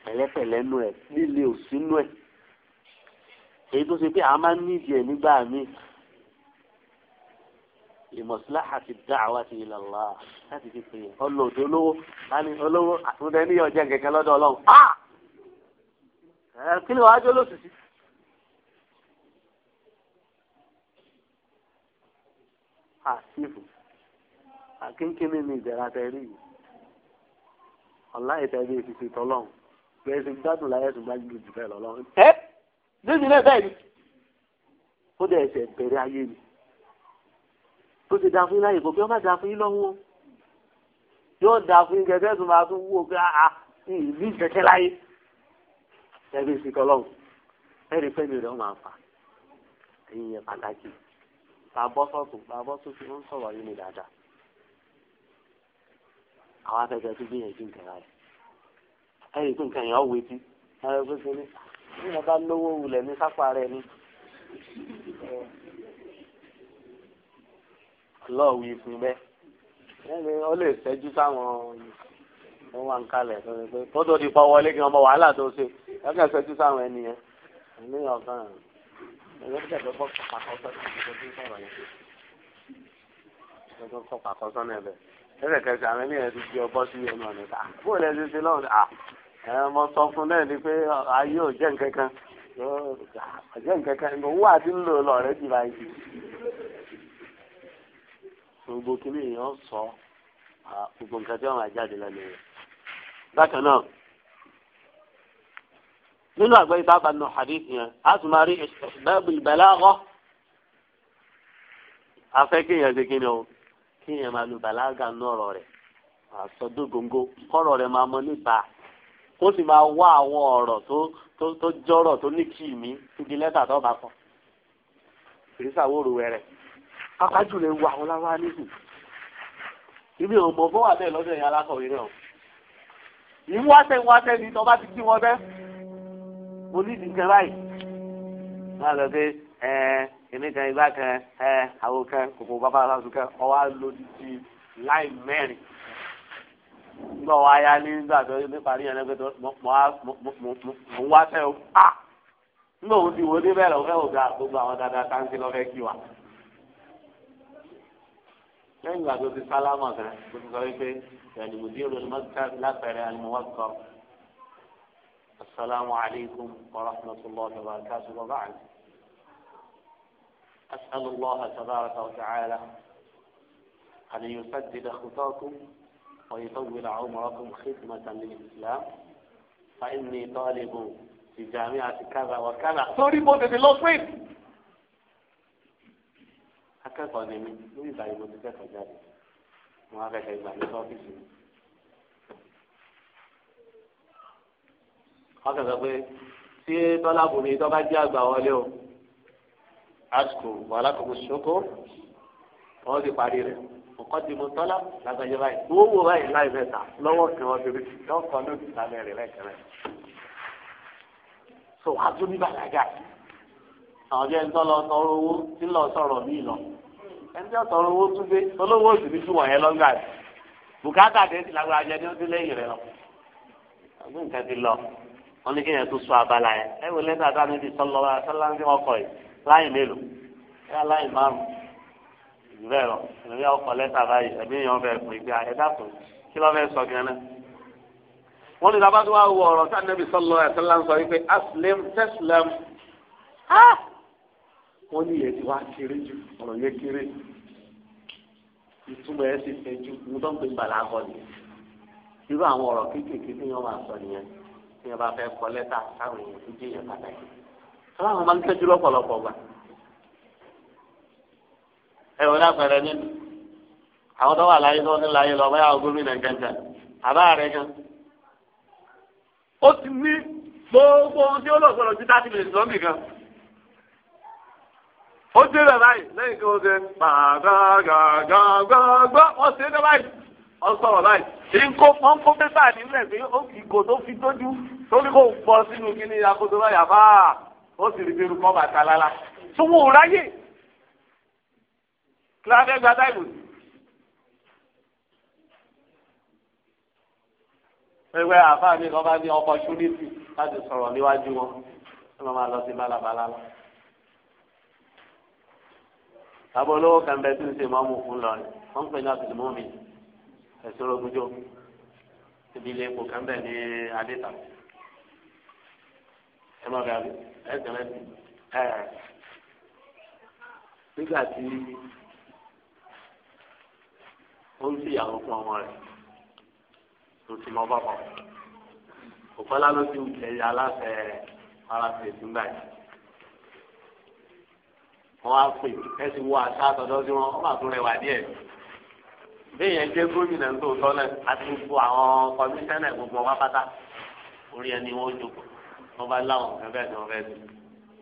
pẹ̀lẹ́pẹ̀lẹ́ nù ẹ̀ líle òsínú ẹ̀ èyí tó ṣe pé àwọn máa ń ní ìdíẹ̀ nígbà míì ìmọ̀síláhàtì dáhàwá ti ilẹ̀ ọ̀la láti fi pè é ọlọ́dọ̀ olówó láti olówó àtúndẹ ní ọjà kẹkẹ lọ́dọ̀ ọlọ́run á ah! kí ni wàá jó lóṣìṣì. àṣìfù ah, akínkínní ni ìdẹ̀ra tẹ̀rí yìí ọ̀la ìtẹ̀rí èsìsì tọ́lọ́hún bẹ́ẹ̀ sì gbádùn láyé ẹ̀sùn gbájú jù bẹ́ẹ̀ lọ́lọ́run. ẹ lóṣù náà bẹ́ẹ̀ ni ó dẹ̀ ẹsẹ̀ bẹ̀rẹ̀ ayé ni tó ti da fún yín láyè kò bí wọ́n bá da fún yín lọ́wọ́ yóò da fún yín gẹ́gẹ́ tó máa tún wúwo pé àá ah, ah, ìlú ìkẹ́kẹ́ láyé ẹ̀rí èsì tọ́lọ́hún ẹ̀rí pẹ́ẹ́nì rẹ̀ máa fà ẹ̀yìn yẹn pàtàkì bàbọ́ sọ̀tún bàbọ́ sọ̀tún ó ń sọ̀rọ̀ yín ni dáadáa àwọn afẹ́fẹ́ tó gbìyànjú nǹkan rẹ̀ ẹ̀rí pé nǹkan yẹn ọ̀ wetí ẹ̀rọ pé kí ni bí wọ́n bá lówó wulẹ̀ ní sápá rẹ̀ ni. lọ́ọ̀wì fún bẹ́ẹ̀ ẹni ó lè ṣẹ́jú sáwọn tó wà ń kalẹ̀ tó ní pé tó tó di pọ́ wọlé kí wọ́n mọ wàhálà tó ṣe ẹ̀kẹ́ ṣẹ́jú sáwọn ẹni yẹn ẹni ọ̀kan ẹ̀rọ tẹ̀ tó kọ́ pàkọ́sọ́ náà ẹ̀bẹ̀ lẹ́sẹ̀kẹsẹ̀ àwọn ènìyàn ti di ọgbọ́n sí ẹnu ọ̀nà ta fún ilẹ̀ ṣe ṣe lọ́wọ́ à mo sọ fún náà ni pé ayé ò jẹ́ nǹkan ò jẹ́ nǹkan kan owó àti ńlò lọ rẹ ti báyìí. gbogbo kìíní èèyàn sọ gbogbo nǹkan tí wọ́n máa jáde lẹ́nu rẹ̀. bákan náà nínú àgbẹ̀ ìtàkà nù hadith yẹn a tún máa rí ìbẹ̀lẹ̀ àgọ́ afẹ́kẹ́yìn ẹ̀ṣẹ̀ kìíní o kí yẹn máa lu bàlágà nú ọ̀rọ̀ rẹ̀ àsọdún gbòǹgbò kọ́rọ̀ rẹ̀ máa mọ níta kó sì máa wá àwọn ọ̀rọ̀ tó tó tó jọ́rọ̀ tó ní kì í mí síbi lẹ́tà tó bá kọ́ ìrísà wòrò wẹ̀rẹ̀ pápájú lè wà wọn lára níhù ibi ò mọ̀ fún wà bẹ́ẹ̀ lọ́dọ̀ yẹn alákọ̀wé náà ìwáṣẹ ìwáṣẹ ni tọ́ba ti gbé wọn bẹ́ẹ̀ mo ní ìdíjẹ báyìí má lọ pé ẹ̀ẹ́ kìnní kan ìgbà kan ẹ àwo kan kòkò bàbá aláṣù kan ọwọ́ lòdì sí láì mẹ́rin nígbà wọ́n aya ní nígbà tó níparí yẹn lẹ́gbẹ̀ẹ́ tó mọ̀ ń wá fẹ́ o a ah! nígbà òun ti wo dé bẹ́ẹ̀ lọ́wọ́ fẹ́ òun gba ah, gbogbo àwọn dáadáa táǹkì lọ́fẹ́ kí wa. lẹ́yìn ìgbà tó ti sálámà kan tó ti sọ wípé ìyànìmùdí olùmọ̀ká lápẹ̀rẹ̀ àlùmọ̀wọ́kọ̀ asalaamualeykum wa rahmatulahi wa barakatuh wa barakatuh. أسأل الله تبارك وتعالى أن يسدد خطاكم ويطول عمركم خدمة للإسلام فإني طالب في جامعة كذا وكذا سوري بودي في هكذا أنا من من زعيم بودي في ما هذا شيء زعيم في سوري هكذا بودي في طلابوني تبعي أبغى Asko, wàhálà kòkò ṣoko wọn ti parí rẹ ọkọ ti mo tọ́lá lágbàjọ báyìí owó wo báyìí láì mẹ́ta lọ́wọ́ kí wọ́n fi yọ ọkọ náà ti sálẹ̀ rẹ̀ lẹ́kẹ̀rẹ́ so wàá tún ní bàlágà àwọn jẹ́ ń tọ́ lọ tọrọ owó tí lọ sọ̀rọ̀ mí lọ ẹni tí wọ́n tọrọ owó tún dé olówó òsì ní tún wọ̀nyẹn lọ́ngà rẹ̀ bùkátà dé ti lágbàá jẹ ní ó ti lẹ́yìn lọ àbí nǹkan ti lọ wọn ní kéèyàn tó sọ abala yẹn ẹ wò lẹ́tà láì mélòó ẹ láì márùn jù bẹ́ẹ̀ lọ ẹ̀mí ọkọ̀ lẹ́tà báyìí ẹ̀mí yẹn bẹ́ẹ̀ pè pé ẹ dàpọ̀ kí ló fẹ́ sọ gan-an. wọ́n ní sábà tó wá wọ ọ̀rọ̀ tí anabi sọlọ ẹ̀ sọlá ń sọ wípé aslam tẹsílẹ̀m wọ́n ní ìyẹn ti wá kéré ju ọ̀rọ̀ yẹn kéré ìtumọ̀ ẹ̀ sì fẹ́ ju mo tó ń pè gbàlá kọ́ ni irú àwọn ọ̀rọ̀ kéékèèké tí wọ́n máa sọ nìyẹn tí wọ́n bá fẹ́ kọ́ lẹ́tà sáwọn èèyàn tó jẹ́ yẹn pàtàkì aláwọn máa ń tẹ́jú lọ́pọ̀lọpọ̀ gbà ẹ wọlé àpẹẹrẹ nínú àwọn tó wà láyé tó ní láyé lọ báyà gómìnà gẹ́gẹ́ àbá rẹ gan ó ti ní gbogbo ohun tí ó lọ sọ̀rọ̀ ju thirty minutes lọ́mì kan ó dé rẹ̀ báyìí lẹ́yìn tí ó ṣe gbàgbàgbàgbà wọ́n ṣe é dé báyìí wọ́n sọ̀rọ̀ báyìí èyí ń kó wọ́n kó pépà nílẹ̀ pé ó fi ìgò tó fi tójú tó ní kó bọ́ sínú kí ni akoto báyìí àbá ó sì rí bẹ́rù kọ́ bàtà lálá tó wọ́n ò ráyè kíláàdé gba táìmù sí. pẹ̀lú àfáà mi kan bá ní opportunity láti sọ̀rọ̀ níwájú wọn wọ́n máa lọ sí bálabàlá lọ. àbọ̀ olówó kan bẹ tí ń ṣe mọ́mú fún lọ́rin wọ́n ń pè ní àtìlúmọ́ mi ẹ̀sùn rogúnjọ́ ibi ilé epo kan bẹ ní adéta ẹ má bẹ àbí ẹgbẹ̀rẹ́ ti nígbà tí ó ń ṣèyàwó fún ọmọ rẹ̀ tó ti mọ́ bàbá òpẹ́lá ló ti ń jẹyà aláṣẹ aláṣẹ ìdúgbà yìí wọ́n á pè ẹ sì wọ àṣà àtọ̀dọ́ sí wọn wọ́n máa tún rẹwà díẹ̀ béèyàn jẹ́ gómìnà tó tọ́ náà àti gbogbo àwọn kọmíṣánná gbogbo wọn pátá orí ẹni wọn ó jókòó wọn bá láwọn nǹkan bẹ́ẹ̀ ni wọn fẹ́ẹ́ ti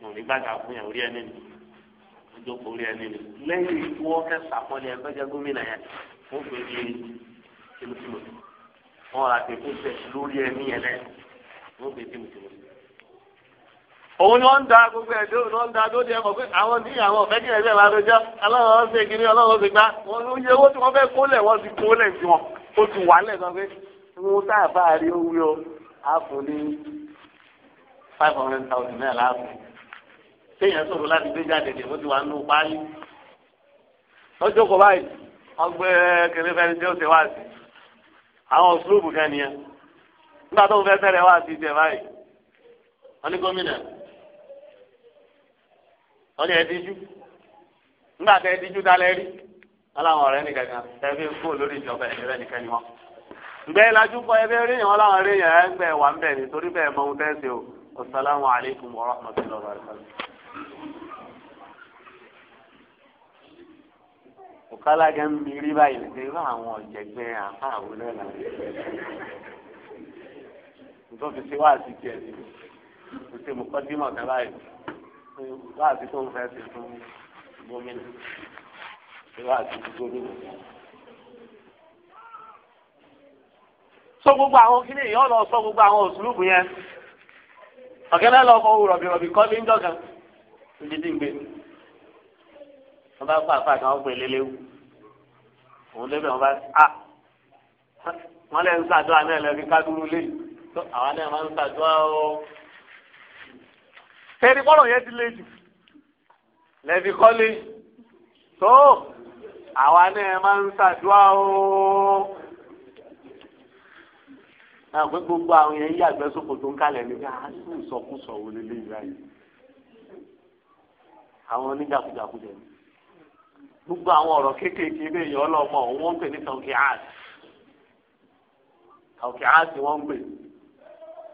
wọn ní gbàgbà fún yàn orí ẹni ni wọn jókòó orí ẹni ni lẹ́yìn tí wọn fẹ́ẹ́ sàkọlẹ ẹgbẹ jẹ gómìnà yẹn wọn fẹ́ẹ́ di tìmùtìmù wọn rà pé kó tẹ lórí ẹni yẹn lẹ wọn fẹ́ẹ́ tìmùtìmù. òun ni wọn ń da gbogbo ẹdẹ òun ni wọn ń da lóde ẹmọ pé àwọn ní àwọn ọ̀fẹ́ kìlẹ̀ bẹ́ẹ̀ máa lọ́jọ́ aláwọ̀ ṣe kiri ọlọ́wọ́ ti gbá wọn ló yẹ owó tí wọ́n fẹ́ kólẹ̀ five hundred thousand náà láàbù téèyàn sọ̀rọ̀ láti gbé jáde ní ìmúdìwà nù páálí lọ́jọ́ kọ báyìí ọgbẹ́ kẹlẹ́ fẹ́ni tí ó ti àwọn òṣùlùmù kan nìyẹn nígbà tó ń fẹ́ fẹ́rẹ̀ wá sí báyìí wọ́n ní gómìnà wọ́n ní ẹ̀díjú nígbà tẹ ẹ̀díjú dalẹ̀ rí wọ́n láwọn ọ̀rẹ́ nìkan kan ẹbí ń kó lórí ìjọba ẹ̀rẹ́ nìkan ni wọ́n ǹgbẹ́ lajú kọ ẹbí rí yẹn wọ́n láwọn ẹgbẹ́ wà ń bẹ̀ nítorí bẹ́ẹ̀ mọ ohun tẹ́sí o. والسلام عليكم ورحمة الله وبركاته òkàlà gẹ ń bi rí báyìí pé irú àwọn ọ̀jẹ̀gbẹ́ àfáàwọ̀ náà là ń gbẹ. nítorí fi ṣe wáàsí tiẹ̀ sí kò ṣe mọ̀ kọ́dímọ̀ kan báyìí wáàsí tó ń fẹ́ ṣe fún gómìnà ṣe wáàsí fún gómìnà. sọ gbogbo àwọn kílè yìí ọ̀ lọ sọ gbogbo àwọn òṣùlùkù yẹn ọ̀kẹ́ bẹ́ẹ̀ lọ́kọ̀ wù rọ̀bì rọ̀bì kọ́ ní dọ́kan ibi tí ń gbé wọn bá pa àpá kan pè léléwu òun lébẹ̀ wọn bá a ah! wọn lẹ́ ń ṣàdúrà náà lẹ́bi ká dúró lé tó àwọn náà máa ń ṣàdúrà o. tẹ́lifí kọ́lọ̀ yẹn ti lé jù lẹ́bi kọ́lé tó àwa náà máa ń ṣàdúrà o àwọn ah, gbogbo àwọn yẹn yí àgbẹ̀sọ̀kò tó ń kalẹ̀ ní àásù ah, ìsọkúsọ wo lè léyìí báyìí àwọn oníjàkújàkú jẹ ní gbogbo àwọn ọ̀rọ̀ kéékèèké bẹ́ẹ̀ yọ ọlọ́mọ wọ́n ń pè ní tọ̀kì áàtì wọ́n ń pè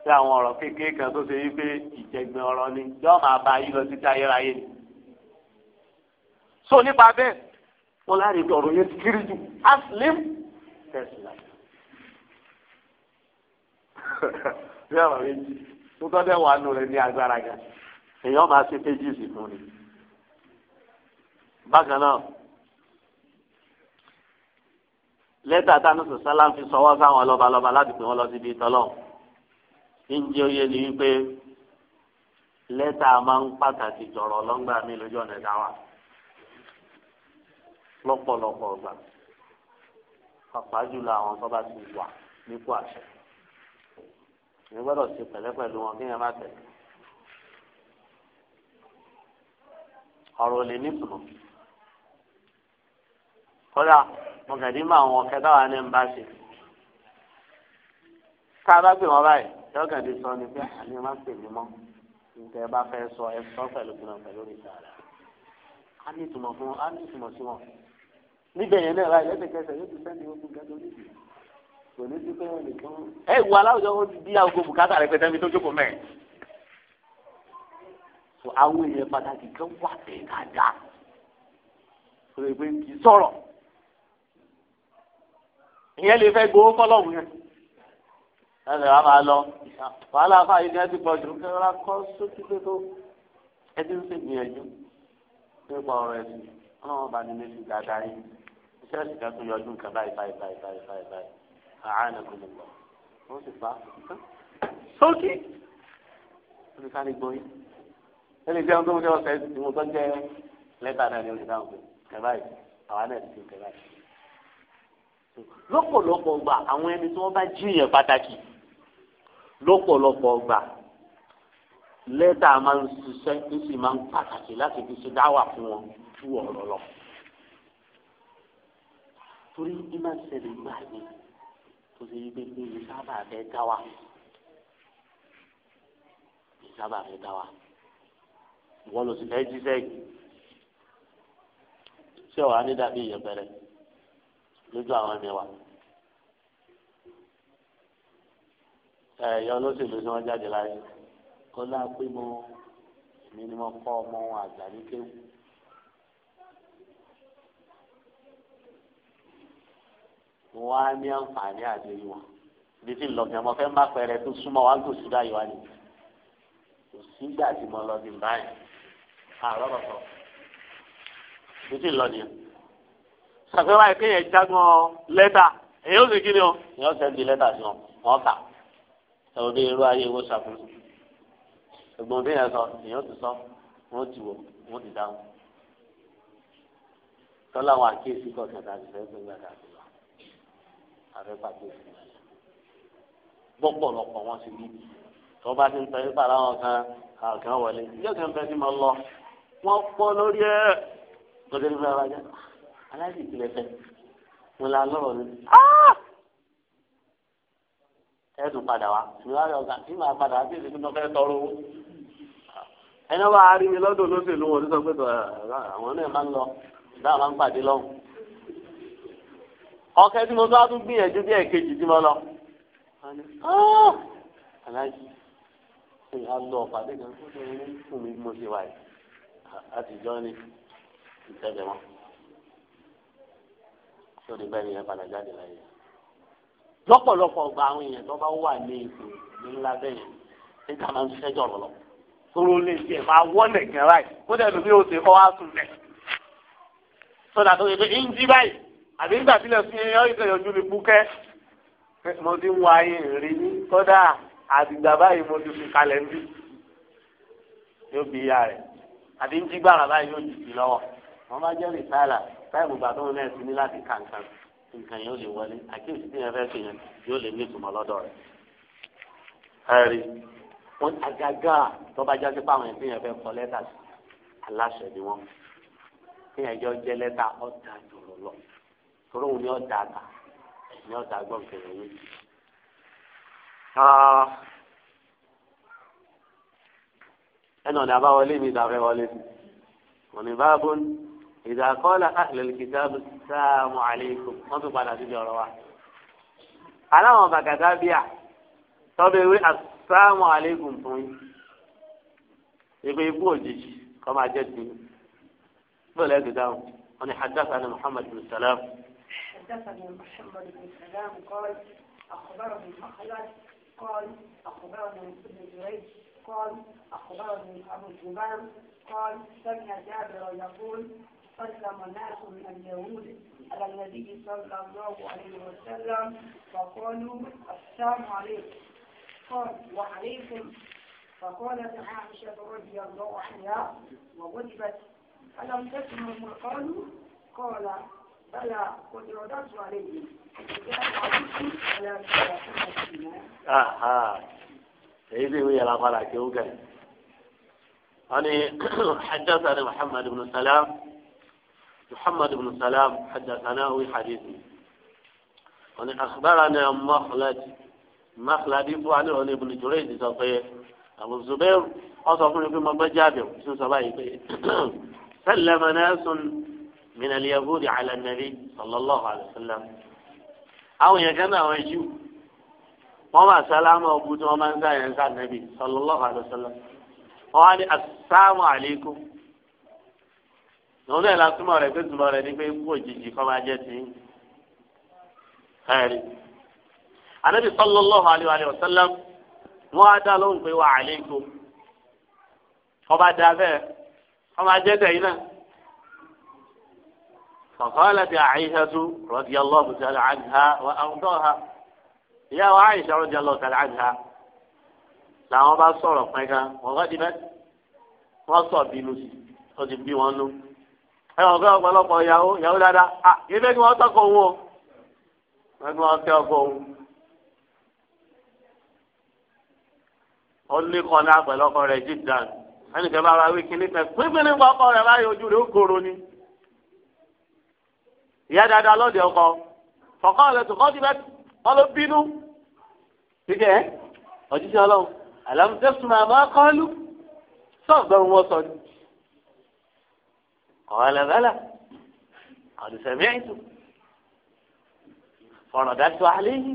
sí àwọn ọ̀rọ̀ kéékèèké tó ṣe yí pé ìjẹgbẹ́ ọ̀rọ̀ ni yọ́ọ́ máa bá yí lọ sí táyéráyé ni. so nípa bẹ́ẹ̀ wọ́n láre ọ̀rọ̀ yẹn ti kiri jù aslim tẹ̀síláì [laughs] bí ọ̀rọ̀ méjì tó tọ́ dẹ̀ wà nù rẹ̀ ní agbára gan èèyàn máa ṣe péjì sí fún ni. bákan náà lẹ́tà tánú sọ̀sálà ń fi sọwọ́ sáwọn lọ́balọ́ba láti pè wọ́n lọ síbi ìtọ́lọ́ ǹjẹ́ oyè ni wípé lẹ́tà máa ń pàtàkì jọ̀rọ̀ lọ́ngbà mi lójú ọ̀nà ìdáwà lọ́pọ̀lọpọ̀ ọgbà pàpà jùlọ àwọn tó bá ti wà nípò àṣẹ èyí gbọ́dọ̀ ṣe pẹ̀lẹ́ pẹ̀lú wọn kí yẹn má tẹ̀lé ọ̀rọ̀ lè ní tùmọ̀ kódà mo kẹ̀dí mọ àwọn kẹta wà ní nbà ká bá pè wọn báyìí yọ kẹ̀dí sọ ni pé àní má pè mí mọ́ nǹkan ẹ bá fẹ́ sọ ẹ sọ pẹ̀lú kí wọn pẹ̀lú ìta á ní ìtumọ̀ fún á ní ìtumọ̀ sí wọn níbẹ̀ yẹn náà láì lẹ́sẹ̀kẹsẹ̀ yóò ti sẹ́ni ogun gẹ́gẹ́ onídìí kò ní sí pé wọn lè tún. ẹ wo aláwùjọ wọn ti di aago bùkátà rẹ pẹtẹ mi tó jókòó mẹ. so àwọn èèyàn pàtàkì kan wà bẹ́ẹ̀ dáadáa sọ̀rọ̀ ìpè kì í sọ̀rọ̀ ìyẹn lè fẹ́ gbowó fọlọ́hún yẹn ẹsẹ̀ wa máa lọ wàhálà fáyé ní ẹtì pọ̀jù kẹ́rọ́lá kọ́ sókè tó ẹtì ń ṣègbìyànjú nípa ọ̀rọ̀ ẹ̀sìn ọlọ́run bá ní méjì dáadáa yìí iṣẹ́ ìṣìkà tó yọjú nǹkan báyìí báyìí báyìí báyìí báyìí àánà gbogbo gbà wọ́n sì fa sókè wọ́n sáré gbọ́ yìí ẹni tí wọ́n tó ń jẹ́ ọ̀sẹ̀ tí mo tọ́ jẹ́ lẹ́tà náà ni olùdáhùn pé kẹ̀bá yìí àwa náà ti kẹ̀bá yìí. lọ́pọ̀lọpọ̀ gbà àwọn ẹni tí wọ́n bá jíyàn pàtàkì lọ́pọ̀lọpọ̀ gbà lẹ́tà máa ń ṣiṣẹ́ ó sì máa ń pàtàkì láti fi ṣe dáwà fún wọn tú ọ̀rọ̀ lọ. torí bí máa ń yìí tó ṣe yí pé sábà fẹ́ dá wa kí sábà fẹ́ dá wa ìwọ ló sì fẹ́ jíṣẹ́ yìí ṣé ní dàbí ìyẹpẹrẹ lójú àwọn ẹni wa ẹ̀yọ́ olóṣèlú tí wọ́n jáde láyé kó pé mo èmi ni mo kọ́ ọmọ àgbà ní kéwù. wọ́n á ní àǹfààní àdéhì wọn bí tí lọ́gàn mo fẹ́ má pẹ̀rẹ̀ tó súnmọ́ wa ń tò sí báyìí wá ni kò sígbà tí mo lọ sí báyìí àárọ̀ kọ̀ọ̀kan bí tí lọ nìyẹn sàfẹ́wá yìí kéèyàn jágbọ́n lẹ́tà èyí ó sì kí ni o èyí ó sẹ́ndì lẹ́tà sí wọn wọ́n kà ẹ̀rọ bí irú ayé wo ṣàkóso ẹ̀gbọ́n bí yẹn sọ èyí ó ti sọ wọ́n ti wò wọ́n ti dáhùn tọ́lá àwọn àkíyèsí kọ̀ọ̀kan tàbí fẹ́ gbẹ̀gbẹ̀ àdàbò àfẹ́fàjẹ́ bọ́pọ̀lọpọ̀ wọn sì ní tó bá ti ń tẹ̀lé pàrọ̀ àwọn kan àkàn wọlé ìjọ kan fẹ́ ni mo lọ wọ́n pọ́ lórí ẹ̀ lọ́dẹ nígbà wájà aláìsí ìpìlẹ̀ fẹ́ mo la lọ́rọ̀ ni ẹ̀ẹ́dùn padà wá ìwádìí ọ̀gá tí màá padà wá sí ìdíkùn tó tọrọ owó ẹni wàá rí mi lọ́dọ̀ lóṣèlú wọn ní sọ pé àwọn náà máa ń lọ ìdá máa ń pàdé lọ́hùn ọkẹ tí mo bá tún gbìyànjú bí ẹ̀kejì tí mo lọ. Ah! aláàjì ṣe á lọ kan tó ṣe ń fún mi bí mo ṣe wà yìí àtijọ́ ni ìtẹ̀lẹ̀ wọn. tó ní bẹ́ẹ̀ ni ẹ padà jáde láyé. lọ́pọ̀lọpọ̀ ọgbà àwọn èèyàn tó bá wà ní ipò ńlá bẹ́ẹ̀ yẹn níta ń ṣẹ́jọ́ lọ́lọ́. toró lè tiẹ̀ máa wọ́lẹ̀ gẹ̀ráì kó dẹ̀ lómi ò ṣe kọ́ wá sùn àbí nígbà tílẹ̀ sí ẹyọ ìtẹ̀yọjú ni búkẹ́ mo ti ń wá ayé rí ní kódà àdìgbà báyìí mo ti fi kalẹ̀ ń bì yóò bí ìyá rẹ̀ àbí ń jí gbàrà báyìí yóò jìbì lọ́wọ́ wọ́n bá jẹ́ rìsáàlà táìmù gbà tó ń náà ti ní láti kà nǹkan nǹkan yóò lè wọlé àkíyèsí tí yẹn fẹ́ ṣe yẹn yóò lè ní ìtumọ̀ lọ́dọ̀ rẹ̀. ẹ̀rí wọn àgàgà tó bá jásí páwọn ẹ̀sìn yẹn fẹ́ kọ lẹ́tà aláṣẹ ni wọ́n kí yẹn jẹ́ lẹ́tà ọ̀tà jùlọ lọ tóró òun ni ọ̀dà àgbà ni ọ̀dà àgbọ̀n kẹrẹ yìí. ẹnu ọ̀nà àbáwọlé mi ìdá fẹ́ wọlé sí òní báàbò ìdá kọ́lá ahlul kitab assalamu alaykum wọ́n fi padà síbi ọ̀rọ̀ wa. aláwọn bàgàdá bíà tọ́bẹ̀ wí assalamu alaykum fún yín ìpè ikú òjijì kọ́ máa jẹ́ tì í. bóòlù ẹ̀ dáhùn wọ́n ni haddathana muhammad bin salam. حدثني محمد بن سلام قال أخبرني مخلد قال أخبرني ابن جريج قال أخبرني أبو الجمام قال سمع جابر يقول سلم ناس من اليهود على النبي صلى الله عليه وسلم فقالوا السلام عليكم قال وعليكم فقالت عائشة رضي الله عنها ووجبت ألم تسمع ما قالوا قال èyí sì wí yàrá padà kí ó gẹ̀. wọ́n ní حدثنا محمد بن سلام محمد بن سلام حدثنا وي حديثي wọ́n ní أخبرنا مخلد مخلد ibú àná òní ibùn jùlẹ̀ ìdí sọ pé Abu Zubair ọ̀sọ̀ fún mi pé mo gbẹ́ jáde òun sì sọ báyìí pé سلم [clears throat] ناس. من اليهود على النبي صلى الله عليه وسلم أو يجمع ويجو وما سلام وبوت ومن ذا ينسى النبي صلى الله عليه وسلم وعلي السلام عليكم lọ́dọ̀ ẹ̀ la túmọ̀ rẹ̀ pé túmọ̀ rẹ̀ ni pé kú òjijì kọ́ máa jẹ́ ti ń ẹ̀rí. anabi sallallahu alayhi wa sallam wọ́n á dá lóhùn pé wa alaykum ọba dá bẹ́ẹ̀ ọba jẹ́ tẹ̀yìn náà. فقالت عائشة رضي الله تعالى عنها وأرضاها يا عائشة رضي الله تعالى عنها làwọn bá sọ̀rọ̀ pẹ́ka wọ́n bá di bẹ́ẹ̀ wọ́n sọ̀ bínú sí ó ti bí wọn nú. ẹ wọ́n fẹ́ ọ̀pọ̀lọpọ̀ yahoo yahoo dáadáa à ibẹ̀ ni wọ́n tọkọ òun o wọ́n ni wọ́n fẹ́ ọkọ òun. ó ní kọ́ ní àpẹ̀lọpọ̀ rẹ̀ jìdá ẹnì kan bá ra wí kíní pẹ̀ pínpín nípa ọkọ rẹ̀ láyé ojú rẹ̀ ó kóró ni ìyá dáadáa lọ́dẹ ọkọ fọ̀kọ́ rẹ̀ tó kọ́ ti bẹ́ ọ ló bínú. Ṣé ẹ ọ̀jíṣẹ́ ọlọ́run àlàmùtẹ́sùn máa máa kọ́ lù sọ̀gbọ́n wọn sọ ni. قال بلى قد سمعت فرددت عليه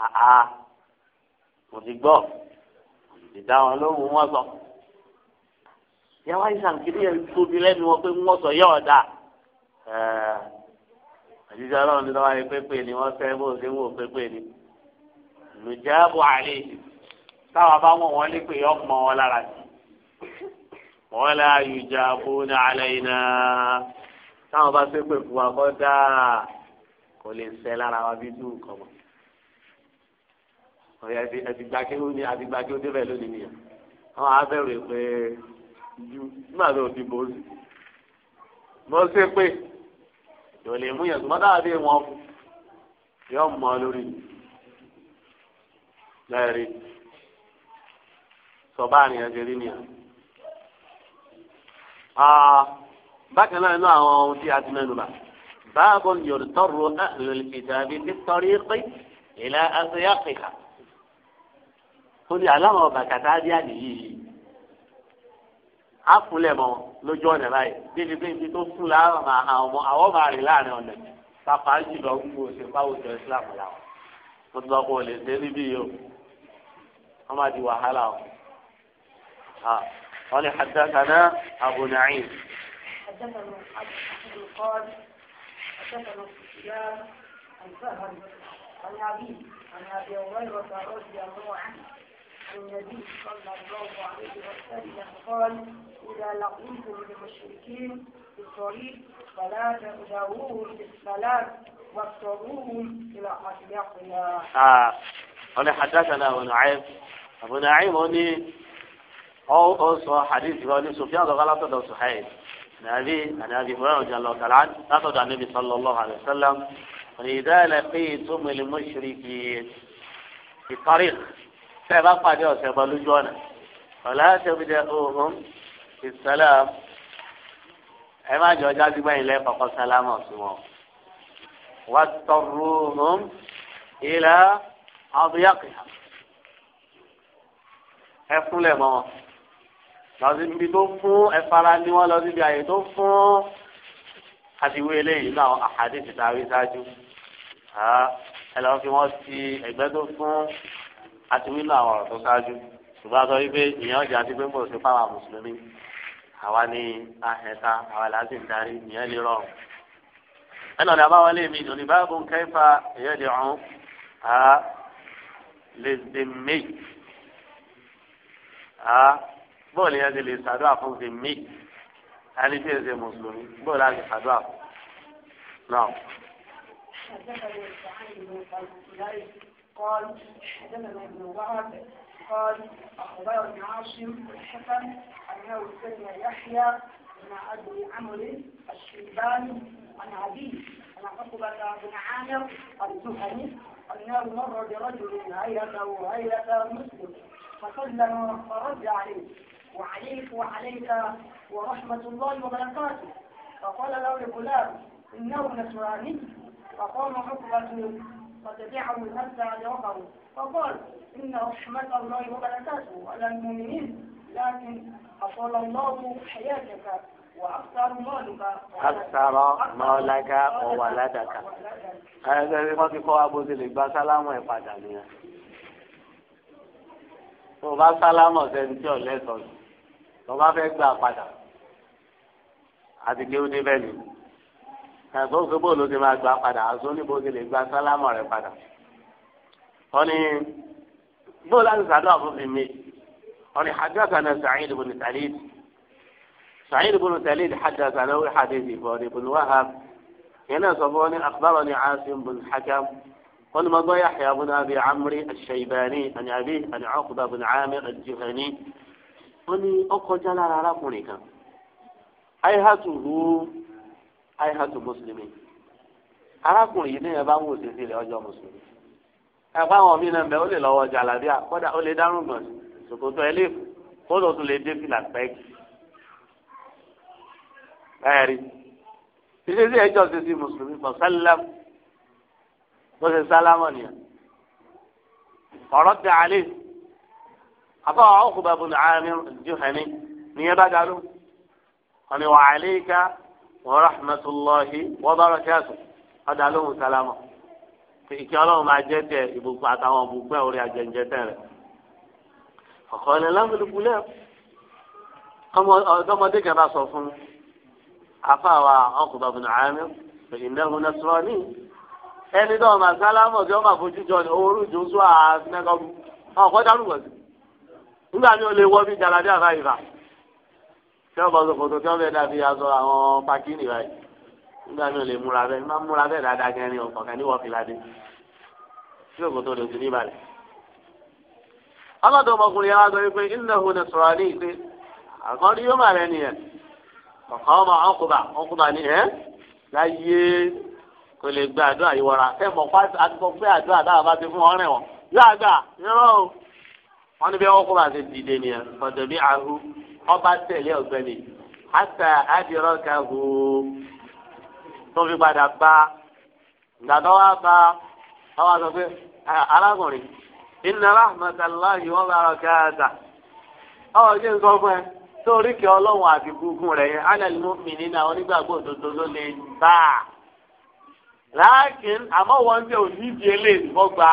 àà mo ti gbọ́ ìdá wọn ló mú wọn sọ yàrá ìsànkiri yẹn tóbi lẹ́nu wọn pé wọ́n sọ yẹ àṣìṣe ọlọ́run ní lọ́wọ́ pépè ni wọ́n fẹ́ bó ṣe ń wò pépè ni lùjáàbù àlè táwọn bá mọ̀ wọ́n lé pé ọmọ wọn lára sí wọ́n lá yùjáàbù ní alẹ́ iná táwọn bá ṣe pé fún wa kọ́ dáa kò lè ṣẹ́ lára wa bí dùn kọ́ mọ́ ọ̀yà àtìgbàkéwò ni àtìgbàkéwò débẹ̀ lónìí nìyẹn àwọn abẹ́rù pé ju nígbà tó ti bó ṣe pé yóò lè mú yẹn tó bá dáadé wọn yóò mọ lórí lẹ́ẹ̀rí sọ̀bá àníyàn ṣe rí nìyẹn. bákan náà inú àwọn ohun tí a ti mẹ́nu bà báàbò yòrò tọrọ ìtàbí tí tọrí pé ìlà àṣeyàpè kà. ó ní aláwọ̀ bàkàtà díà nìyí yìí àfúnlẹ̀ mọ́ lójú ọ̀nà báyìí débi pé ibi tó sùn láwọn ọmọ àwọn máa rìn láàrin ọ̀nà pàpà jùlọ gbogbo òṣèpá òjò ìsìlámù làwọn tó ti lọ kó lè dé níbí yìí o wọ́n máa di wàhálà o. wọ́n lè حدثنا أبو نعيم. حدثنا أبو قال حدثنا أبي عن أبي هريرة رضي الله عنه النبي صلى الله عليه وسلم قال إذا لقيتم المشركين في الطريق فلا تدعوهم بالصلاة واضطروهم إلى أصلحنا. آه. قال حدثنا أبو نعيم أبو نعيم هني أو أو حديث قال سفيان غلط أو سحيل نبي عن أبي هريرة رضي الله تعالى عنه أخذ عن النبي صلى الله عليه وسلم وإذا لقيتم المشركين في الطريق tẹ́ ẹ bá pàdé ọ̀sẹ̀ bá lójú ọ̀nà ọ̀la ṣẹ́bìdẹ ọ̀hún ìsàlám ẹ má jọ jáde gbẹ̀yìn lẹ́ kọ́kọ́ sálámà sí wọn. wà á tọrọ ọ̀hún ìlà àbúyàkì ẹ fúnlẹ̀ mọ́ wọn lọ sí ibi tó fún ẹ fara ní wọn lọ sí ibi àyè tó fún àtiwé eléyìí náà àhàdé ti ta wí ẹ lọ fi wọn sí ẹgbẹ́ tó fún àti nínú àwọn ọ̀rọ̀ tó ṣáájú ṣùgbọ́n a sọ wípé ìyẹn ọjà ti pé ń bọ̀ sí fáwọn mùsùlùmí àwa ni ahẹ́ta àwa là á sì ń darí ìyẹn lè rọrùn. ẹnì ọ̀nà àbáwọlé mi ìdùnnú báàbò kẹfà ìyẹn lè hàn á lè dè méjì á bọ́ọ̀lù yẹn ti lè ṣàdúrà fún dè méjì ẹni tí èsè mùsùlùmí bọ́ọ̀lù á ṣàdúrà fún náà. قال حدثنا ابن وعد قال أخبرني عاصم الحكم أنه سمع يحيى بن أبي عمرو الشيباني عن أبيه عن عقبة بن عامر الزهري أنه مر برجل هيئته هيئة مسلم فسلم فرد عليه وعليك وعليك ورحمة الله وبركاته فقال له الغلام إنه نسواني فقام عقبة وتبعهم حتى أدركه فقال إن رحمة الله وبركاته على المؤمنين لكن أطال الله حياتك وأكثر مالك أكثر مالك وولدك هذا ما في قوة أبو ذلك بسلام ويقعد tó bá sálámọ̀ sẹ́ni tí ò fẹ́ gbà padà àti kí ó dé nìyí ẹ̀fọ́ òkè bóòlù ti máa gbà padà àṣọ oníbo ti lè gba sálámọ̀ rẹ̀ padà. wọ́n ní bóòlù àti sàdó àfọ̀fin mi wọ́n ní hadathana Sa'id ibn Talid Sa'id ibn Talid hadathana wí hadith ìbọn ibn Wahab yẹn náà sọ fún wọn ní akhbarani Asim ibn Hakam wọ́n ní magbọ́ Yahya ibn Abi Amr al-Shaybani àni àbí àni Uqba ibn Amir al àìhàtò mùsùlùmí arákùnrin yìí níyẹn bá ń wò sí sílẹ̀ ọjọ́ mùsùlùmí ẹ̀fọ́ àwọn míì náà bẹ́ẹ̀ ó lè lọ́wọ́ jàlábíà kódà ó lè dárùn gbọ̀n ṣòkòtò ẹ̀ lè kódà ó tún lè dé fìlà pẹ́ẹ́kì ẹ̀rí ìṣesí ẹjọ́ ṣe sí mùsùlùmí kan sálám bó ṣe sálámọ̀ nìyẹn ọ̀rọ̀ tẹ àlè àbọ̀ ọkùnrin bàbá àmì jùhẹ́ni nìyẹn bá darú ọ̀nìwà àlè ká warahmatulahi wabarakatu adalóhùn sálámà ìkí ọlọ́run máa jẹ́ tẹ ìbùkún àtàwọn ìbùkún orí àjẹjẹ tẹ rẹ ọ̀kọ́lẹ̀ lámìlúkulẹ̀ ọmọdé kan bá sọ fún afáwa ọkùnrin bàbá nàámi ìnáwó nasarani ẹni tó ọmọ sálámà tí ọmọ àfojújọ ni owó rújú sọ àá sinẹkọọmù ọkọ dárúwọ sí nígbà mi ò lè wọ bí jalade àbáyé bá tí wọ́n bọ̀ sọ kòtò tí wọ́n fẹ́ dàbí aṣọ àwọn pakínì báyìí nígbà mi ò lè múra bẹ́ẹ̀ má múra bẹ́ẹ̀ dáadáa gan ni ọkọ̀ kan ní wọ́n fi ládé tí òkòtò lè sí níbàlẹ̀. ọlọ́dọ̀ ọmọkùnrin yẹn wá sọ wípé ìnáwó ni sọ̀rọ̀ ní ìpè àkọ́rí yóò mà rẹ̀ nìyẹn ọ̀kan ọmọ ọkùnbà ọkùnbà ni ẹ̀ láyé kò lè gba àdúrà yìí wọra ẹ mọ̀ pa àtúkọ̀ pé àdúrà dáhà bá ti fún ọ̀rẹ́ wọn yóò àgbà yọrọ o wọn níbi ọkùnbà ti dìde nìyẹn ọ̀dọ̀ bí ahu ọba tẹ̀lé ọ̀gbẹ́ni hasa adirọ́ka hù tó fi padà bá gbàdọ́ wa bá ọwọ́ sọ pé alákùnrin inna rahmatallahi wa barakata ọ̀ ṣe ń sọ fún ẹ sórí kí ọlọ́run àti rẹ̀ yẹn onígbàgbọ́ láàkín àmọ́ wọ́n onídìí eléyìí fọ́gbà.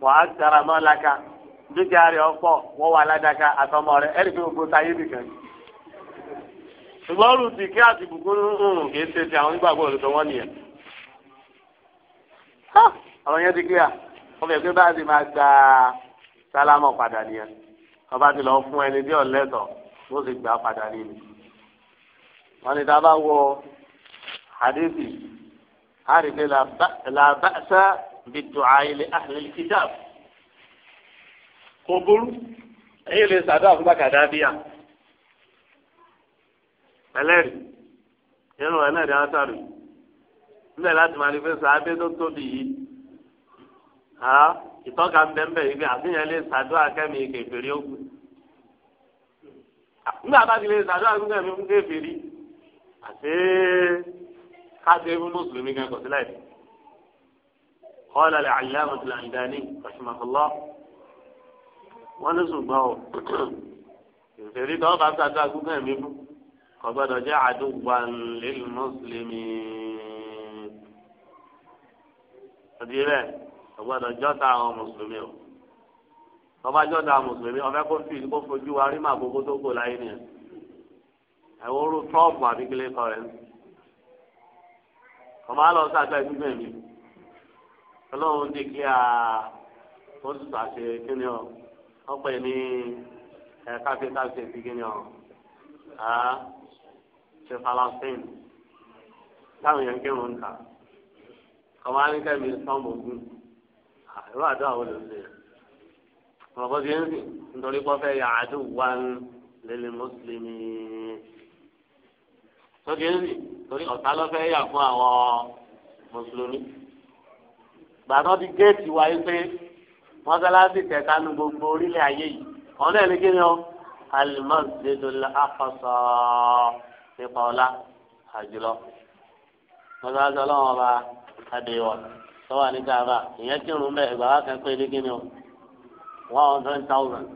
wà á sara mọ́ laka dúkìá rẹ̀ ọ̀pọ̀ wọ́n wà ládàka àtọmọ rẹ̀ ẹ̀rí pé gbogbo táyé nìkan. ṣùgbọ́n ọ̀rùn ti kí àti bùkún ń kì í ṣe ti àwọn onígbàgbọ́ òdòdó wọn nìyẹn. ọ̀rọ̀ yẹn ti kíyà wọ́n fẹ́ pé bá a ti máa gba sálámọ̀ padà nìyẹn wọ́n bá ti lọ fún ẹni bí ọ̀lẹ́tọ̀ ló sì gbà padà nìyẹn. wọ́n ní tá a bá wọ àdéhùn àdéhùn làbáṣá bí dùá ilé ahlil kitab kò burú èyí lè sàdúrà fún bàkàdá bíyà ẹlẹ́rìí nínú ẹlẹ́rìí átàrí níbẹ̀ láti máa ní pé sàábé tó tóbi yìí ìtọ́ka ń bẹ́ẹ̀ yìí pé àfihàn lè sàdúrà kẹ́mi kẹfìrí ogun nígbà bá lè sàdúrà kẹ́mi kẹfìrí àti káṣí mùsùlùmí kan sílẹ̀ yìí. قال العلامة الألباني رحمه الله ونسبه ìfèrí tó bá sáà sáà gúgán mi fún kò gbọ́dọ̀ jẹ́ àdúgbò lílu mùsùlùmí ọdí rẹ kò gbọ́dọ̀ jọta àwọn mùsùlùmí o tó bá jọta àwọn mùsùlùmí ọfẹ kó fi kó fojú wa rí màá gbogbo tó kò láyé nìyẹn ẹwọ orú trọọpù àbíkílẹ kọrẹ kò má lọ sáà sáà gúgán mi fún ọlọ́run ti kí a ó sì pàṣẹ kíni ọ wọ́n pè ní káfí káfí ti kíni ọ ṣe falasin táwọn yẹn kírun ta ọmọ anikẹ́mi sọ́ọ̀mù ogun ìlú àdó àwọn olùsè ọ̀pọ̀ ti ń sìn nítorí pé wọ́n fẹ́ yà àdó wá lẹ́lẹ́ mùsùlùmí tó ti ń sìn torí ọ̀tá ló fẹ́ yà fún àwọn mùsùlùmí gbàtọ́ di géètì wáyé pé mọ́sálásí kẹta nu gbogbo orílẹ̀ ayé yìí ọ̀nà ẹ̀ ní kí ni ọ́ al-masjidul aqsa nípa ọlá àjùlọ mọ́sálásí ọlọ́run ọba adéwọ̀ sọ́wọ́ ní káàbà ìyẹn kírun bẹ́ẹ̀ ìgbà kan pé ní kí ni one hundred thousand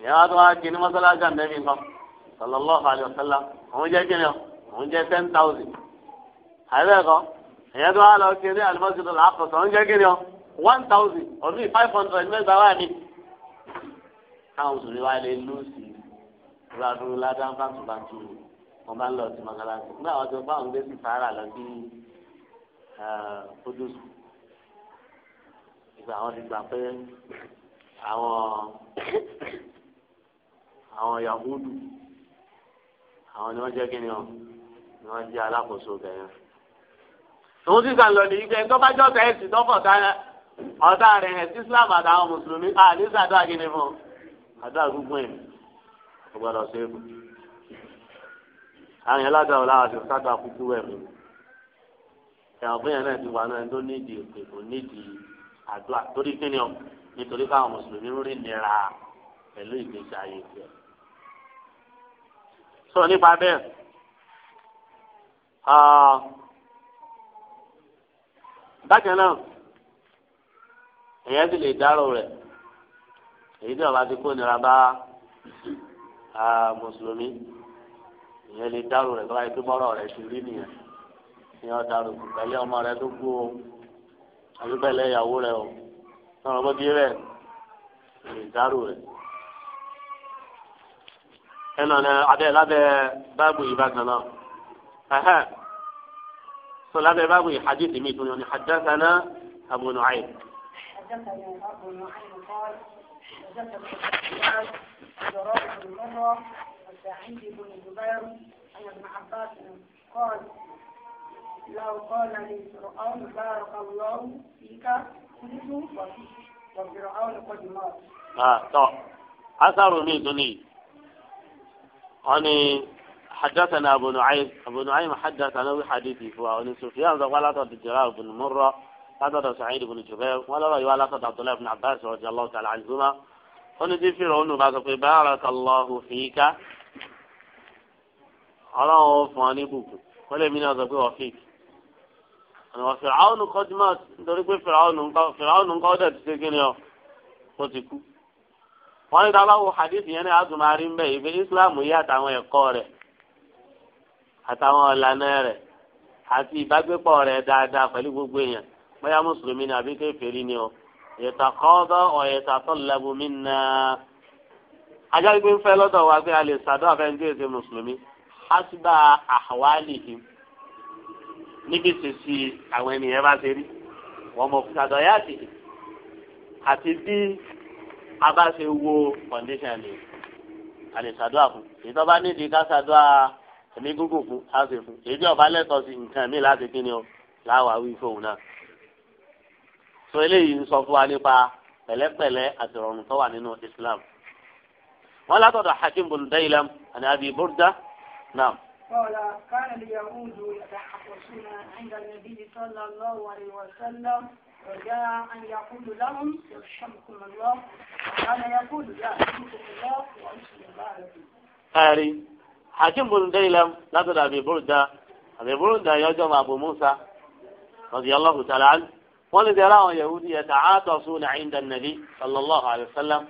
ìyẹn wá tó wá kí ni mọ́sálásí àndẹ́bí nǹkan sallallahu alaihi wasallam òun jẹ́ kí ni òun jẹ́ ten thousand àbẹ́ẹ̀kọ́ ìyẹn tó wá lọ sí ní alimọ́sídò làákọ̀tọ̀ ń jẹ́ ni ọ one thousand ọ̀bí five hundred mẹ́ta wà ní. káwọn sùn wá lé lùsì rúdúrú ládàá bàtúbàtú wọn bá ń lọ sí mọ́kálásí nígbà wọn tó bá wọn gbé sí sahara lọ sí kúdùsù ìgbà wọn ti gbà pé àwọn àwọn yahudu àwọn ni wọn jẹ kíni ọ ni wọn jẹ alákòóso bẹyẹn tòun sì kà lọ nìyí pé tọ́ba jọ́ta ẹ̀ sì tọ́fọ̀ sára ọ̀tá rẹ̀ ẹ̀ sí Islam àtàwọn mùsùlùmí àní sàdúrà kí ni fún un àdúrà gbogbo ẹ̀ kò gbọdọ̀ ṣe é fún un. àwọn yẹn ládàá ọ̀la àti sádà kúkú ẹ̀ mú ẹ̀wọ̀n fún yẹn náà ti wà náà ẹni tó nídìí òkè kò nídìí àdúrà torí kí ni ọ nítorí káwọn mùsùlùmí ń rí nira pẹ̀lú ìgbésí ayé tiẹ̀. bákan náà èyàn sì lè dárò rẹ̀ èyí tí ọba ti kó nira bá mùsùlùmí èyàn lè dárò tó bá yẹ kí ti rí nìyẹn dárò pẹ̀lú ọmọ tó o àbí pẹ̀lú ìyàwó o bó lè dárò صلى الله باب حديث ميتون يعني حدثنا أبو نعيم حدثنا أبو نعيم قال حدثنا جرار بن مرة وسعيد بن جبير عن ابن عباس قال لو قال لي فرعون بارك الله فيك كنت وفيك وفرعون قد مات. آه طب أثر ميتوني أني حدثنا أبو نعيم أبو نعيم حدثنا بحديثه فهو سفيان ولا تدجرا بن مرة هذا سعيد بن جبير ولا رأي ولا عبد الله بن عباس رضي الله تعالى عنهما أن فرعون بعد بارك الله فيك على فاني بوك ولا من هذا فيك أنا وفرعون قد مات دريك فرعون فرعون قد تسكن وتكو wọ́n ní dábàá wo hadith yẹn ní azùmárí ń bẹ̀ ìgbé islam yí àtàwọn ẹ̀kọ́ rẹ̀ àtàwọn ọ̀lànà rẹ̀ àti ìbágbépọ̀ rẹ̀ dáadáa pẹ̀lú gbogbo èèyàn bóyá mùsùlùmí ni àbí kèfèrí ni o ìtàkọ́dọ̀ ọ̀yẹ̀tàtọ̀ lẹ́bù mí na. ajá gbé ń fẹ́ lọ́dọ̀ wa pé a lè sàdọ́ àfẹ́ǹdé èsè mùsùlùmí hasiba àwálì yìí níbi sèṣì àwọn ènìyàn bá ṣe rí wọn mọ̀ sàdọ̀ yá sí àti bí a bá ṣe wo kọ̀ndíṣàn ni a lè sàdọ́ àfún ìtọ́ bá nídìí ká sàdọ́ àfún ẹ̀mí gúngùn fún á ṣe fún èdè ọ̀bá lẹ́tọ̀ọ́ sí nǹkan mi láti kí ni o láwàá wí fóun náà. sọ eléyìí ń sọ fún wa nípa pẹ̀lẹ́pẹ̀lẹ́ àti ìrọ̀rùn tó wà nínú Islam. wọ́n látọ̀dọ̀ Hakim bin Dailam àti Abi Burda náà. قال كان اليهود يتحفظون عند النبي صلى الله عليه وسلم وجاء أن يقول لهم يرحمكم الله وكان يقول لا يرحمكم الله وأنتم الله hakim bùn dẹ́yìlẹ́m látọ̀dọ̀ àbí burúdà àbí burúdà yọjọ́ máa bù musa radiyallahu ta'ala anhu wọ́n lè dẹ́ra àwọn yahudi yẹn tà á tọ̀ sún ní àyíǹda nàbí sallallahu alayhi wa sallam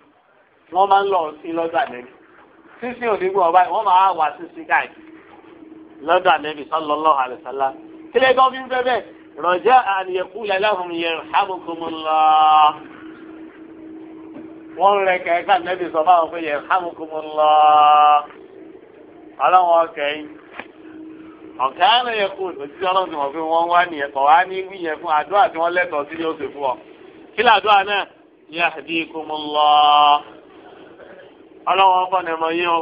wọ́n máa ń lọ sí lọ́dọ̀ ànẹ́bí sísìn òdìgbò ọba wọ́n máa wà sísì káàkiri lọ́dọ̀ ànẹ́bí sallallahu alayhi wa sallam kílẹ̀ gan fi ń fẹ́ bẹ́ẹ̀ rọ̀jẹ́ àníyẹ̀kú lẹ́lẹ́hùn yẹn hàmùkùmùlá wọ́n rẹ̀ kẹ́kẹ́ ànẹ́bí sọ fáwọn pé yẹn hàmùkùmùlá ọlọ́wọ́n ọkẹ́ yìí ọ̀gá ẹ̀rọ yẹ kó òṣìṣẹ́ ọlọ́run ti mọ̀ pé wọ́n wá nìyẹn kọ̀ wá ní wí yẹn fún àdúrà tí wọ́n lẹ́tọ̀ọ́ sí ní oṣù fún ọ. kí làdúrà náà yahdikumullah ọlọ́wọ́n ọkọ̀ ni mo yí o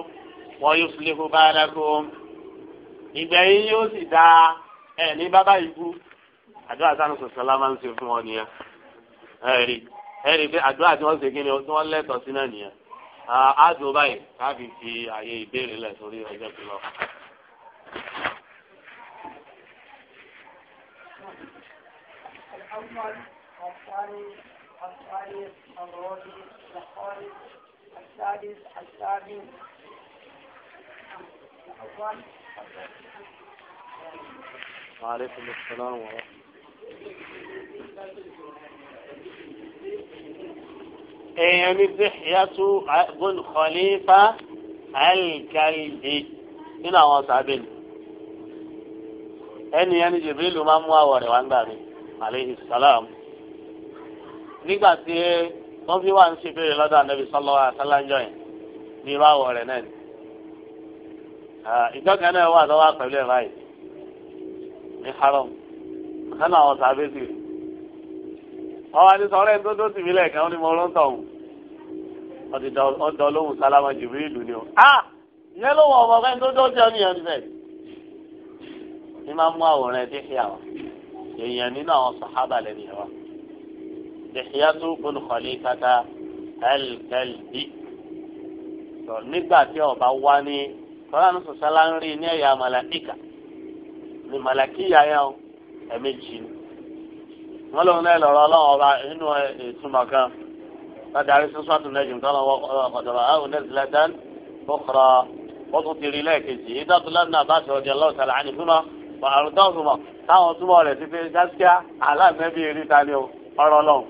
wọ́n yuslihu balakum ìgbà yìí yóò sì dá ẹ̀ ní bábá ikú àdúrà sanu sọ̀sọ́lá máa ń ṣe fún ọ nìyẹn ẹ̀rí ẹ̀rí pé àdúrà tí wọ́n ṣe kí ni wọ́n lẹ́tọ̀ọ́ sí náà nìyẹn àádùn báyìí káàbì fi àyè ìbéèrè lẹ̀ sórí ọjọ́ tó lọ. الأول الثاني الثالث الرابع الخامس السادس السابع الأول وعليكم السلام ورحمة الله èèyàn ní bíxíyàtú bun khalifa alkalbi nínú àwọn sábẹ́ni ẹni yẹn ní jibrilu máa ń mú àwọ̀ rẹ̀ wá ń gbà mí aleyhi salam nígbà tí wọ́n fi wá ń ṣe béèrè lọ́dọ̀ ànábi sọ́lọ́ àtàlájọ́ yẹn ní irú àwọ̀ rẹ̀ náà ni ìjọba náà wà lọ́wọ́ pẹ̀lú báyìí ní haram kánà àwọn sábẹ́ni rẹ̀ ọwọ́ ni sọ̀rọ̀ ẹni tó tó tìmí lẹ́ẹ̀kan ni ní mo rán tọ̀hún ọdọ lóhùn sálámà jìbìrì ìlú ni o. ìyẹn ló wọ ọmọ ẹni tó tó tẹ ọ nìyẹn níbẹ̀. ní máa mú àwòrán ẹ díhìá wa èèyàn nínú àwọn sàhábà lẹ́nu yẹn wa. díhìá tó kún kọ́lé kata ẹlẹ́lẹ́bí. nígbà tí ọba wá ní kọ́lánù sọ̀sálá ń rí ní ẹ̀yà màlákìkà ní màlákìyà yẹn o ẹ̀mí jìn wọ́n lóun náà lọ́rọ̀ ọlọ́run ọba nínú ìtumọ̀ kan ládàrí sísọ́ tó lẹ́jù tó lọ́wọ́ ọ̀dọ̀rọ̀ àwọn onísìlẹ̀tàn bọ́kọ̀rọ̀ wọ́n tún ti rí lẹ́ẹ̀kejì ìdọ́túnlá náà bá sọ̀rọ̀ jẹ́ lọ́wọ́ sàlẹ̀ ànífúnmọ́ àrùtọ́fùmọ̀ táwọn túmọ̀ rẹ̀ ti fi gáskíá aláàmẹ́bí rí ta ni ọ̀rọ̀ lọ́wọ́.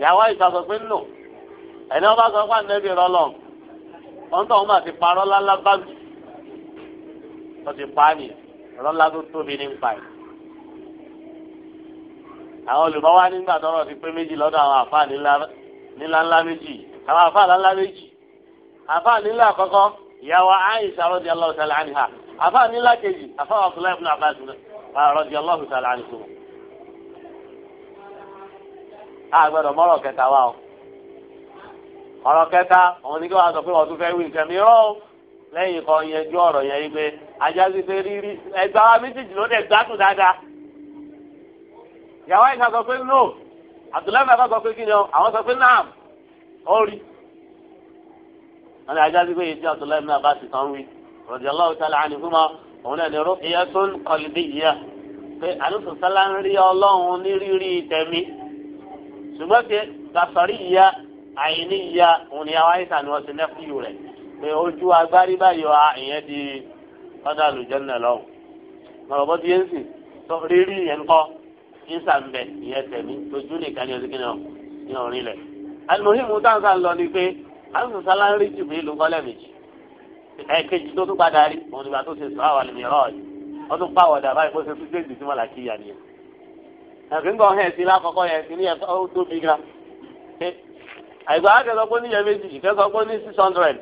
ìyàwó ìsàsọ pé nù ẹni wọn bá sọ fún ànẹ́bí rọ lọ́wọ́ wọn tó wọn bá ti parọ́ lálá bá ti pa á nì rọ́lá tó tóbi ní pa yìí. àwọn olùkọ́ wá nígbà tọ́rọ̀ ti pé méjì lọ́dọ̀ àwọn àfáà nílá ńlá méjì àwọn àfáà ńlá méjì àfáà nílá àkọ́kọ́ ìyàwó Aisha radiyallahu ta'ala anha àfáà nílá kejì àfáà Abdullahi ibn Abbas radiyallahu ta'ala a gbọ́dọ̀ kẹta wa o ọ̀rọ̀ kẹta òun ni kí wọ́n sọ pé wọ́n tún fẹ́ wí nǹkan mi lẹ́yìn kan yẹn ju ọ̀rọ̀ yẹn yí pé ajá sí ìyàwó àyíká sọ pé no àtúlẹ́mì àbá sọ pé kí ni ọ àwọn sọ pé naam ó rí wọn ni ajá sí pé èyí àtúlẹ́mì àbá sì tán wí radiyallahu ta'ala anhuma òun náà ní ru'yatun qalbiyyah pé àlùfòsálà ń rí ọlọ́run ní rírí tẹ̀mí ṣùgbọ́n pé gbàsọ̀rí ìyá àìní ìyá òun ni àwọn àyíká ni wọ́n ti nẹ́fù rẹ̀ pé ojú agbárí báyìí wa ìyẹn di ìsà ń bẹ ìyẹn tẹ̀mí tójú nìkan ní oṣù ní orin lẹ̀. alimuhimu táǹsà ń lọ ni pé àwọn sọlá ń rí jù mí lùkọ́ lẹ́mìjì ẹ̀ẹ́kejì tó tún padà rí òun nígbà tó ṣe sọ àwọn àlùmí rọ̀ yìí wọ́n tún pàwọ̀dà báyìí kó ṣe tún dé ìdí tí wọ́n là kí ìyá nìyẹn. ẹ̀fíngbọ̀n hẹ̀ sí lákọ̀ọ́kọ́ yẹn sí ní ẹ̀kọ́ tó bí ga. àìgbà á kẹ́sọ́ pé níyẹn méjì ìkẹ́sọ́ pé ní six hundred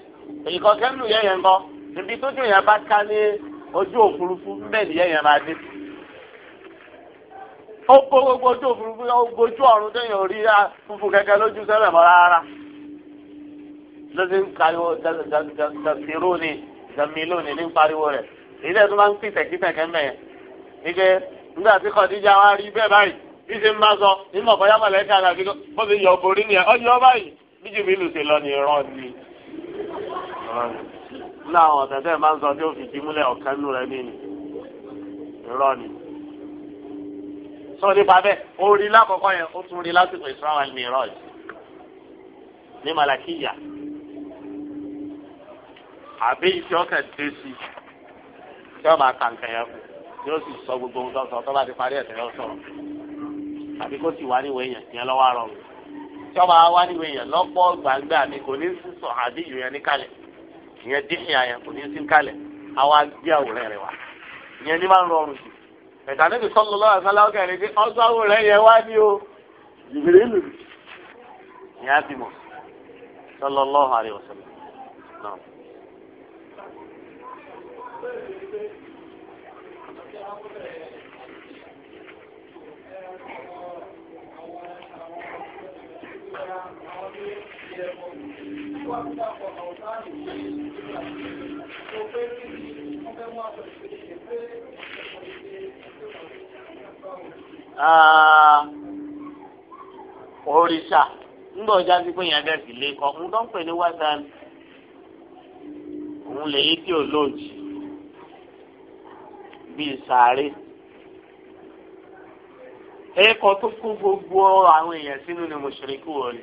ìkọ̀kẹ́ nù yẹn yẹn kọ́ ibi tójú yẹn bá ká ní ojú òfurufú bẹ́ẹ̀ nìyẹn yẹn máa dé ó gbó gbogbo ojú òfurufú ó gbójú ọ̀run téèyàn ò rí fúnfun kẹ̀kẹ́ lójú sẹ́lẹ̀ mọ́ rárá lọ́sẹ̀ ń kariwo dàfíró ni dàmílò ni ní ń pariwo rẹ̀ èyí lẹ́nu máa ń pín tẹ̀kítẹ̀kẹ́ mẹ́ẹ̀ ike nígbà tí kọ́díjà wa rí bẹ́ẹ̀ báyìí bí ṣe ń bá sọ nímọ̀ bọ́yá mọ̀lẹ́kẹ́ àgàfi bó ṣe yọ borí nìyẹn ó yọ báyìí bí jùmílù ṣe lọ ní ìran ni. sọ nípa bẹ́ẹ̀ ó rí lákọ̀ọ́kọ́ yẹn ó tún rí lásìkò Isra wal Miraj ní malakiya àbí ìṣe ọkàn dé sí i tí wọ́n máa kàǹkà yẹn kù tí ó sì sọ gbogbo ohun sọ tó bá ti parí ẹ̀sẹ̀ yọ sọ̀rọ̀ àbí kó sì wá níwèé yẹn yẹn lọ́wọ́ àrọ̀ tí wọ́n máa wá níwèé yẹn lọ́pọ̀ gbàgbé kò ní ẹ̀ka níbi sọ́lọ́ lọ́wọ́ àṣálá ọ̀kẹ́ rẹ̀ pé ọgbàwò rẹ̀ yẹ wá ní o ìbèrè lù ní àbímọ sọ́lọ́ lọ́wọ́ àrẹ ọ̀sán náà. Thank you. Ah, òrìṣà ńgbọ̀ jáde pé yẹn bẹ́ẹ̀ sì lé ọ̀hún tó ń pè ní wáṣán òun lèyí tí ò lóòjì bíi sàárè ẹ̀kọ́ tó kó gbogbo àwọn èèyàn sínú ni mùṣírikù wọlé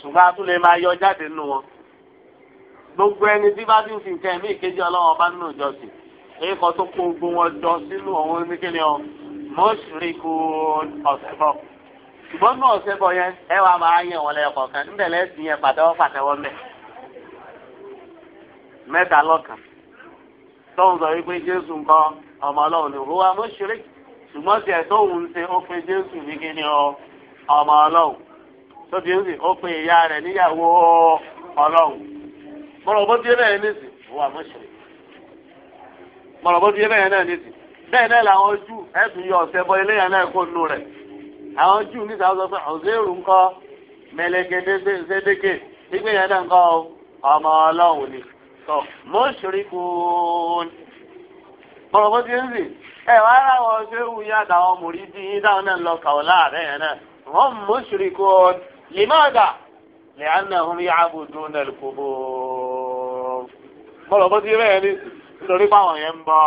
ṣùgbọ́n a tún lè máa yọ jáde nínú wọn gbogbo ẹni tí bá ti ń fi nǹkan ẹ̀mí ìkejì ọlọ́wọ́ bá nínú ìjọsìn ẹ̀kọ́ tó kó gbogbo wọn jọ sínú ọ̀hún ní kíni ọ̀hún. mọ́ṣúríkù ọ̀sẹ̀bọ̀ ṣùgbọ́n ní ọ̀sẹ̀bọ̀ yẹn ẹ wàá máa yẹ wọn lẹ́yọ kọ̀ọ̀kan níbẹ̀ lẹ́sìn yẹn pàtẹ́wọ́ pàtẹ́wọ́ mẹ́ mẹ́ta lọ́kàn tóun sọ wípé jésù ń kọ́ ọmọ ọlọ́run ní òwúwa ṣùgbọ́n tiẹ̀ ṣe ó pe jésù ní ni ọmọ ọlọ́run pe ìyá rẹ̀ níyàwó ọlọ́run mọ̀rọ̀ bó bẹ́ẹ̀ náà làwọn jù ẹ̀sùn yọ ọ̀sẹ̀ bọ ilé yẹn náà kó nù rẹ̀ àwọn jù níta sọ pé ọ̀sẹ̀rù ńkọ́ mẹlẹ́kẹ́dẹ́ sẹ́dẹ́kẹ́ ìgbé yẹn náà ńkọ́ ọmọ ọlọ́run ni sọ mọ́ṣíríkùn bọ̀rọ̀ bó ti ń sìn ẹ wá láwọn ṣéwù yá àtàwọn mòrí bí yín táwọn náà lọ kàwọ́ láàárẹ̀ yẹn náà wọ́n mọ́ṣíríkùn lèmọ́ọ̀dà lẹ́yìnàhùn yàgòdò nàlùkòbò bọ̀rọ̀ bó ti rẹ̀ ní nítorí pàwọn yẹn ń bọ̀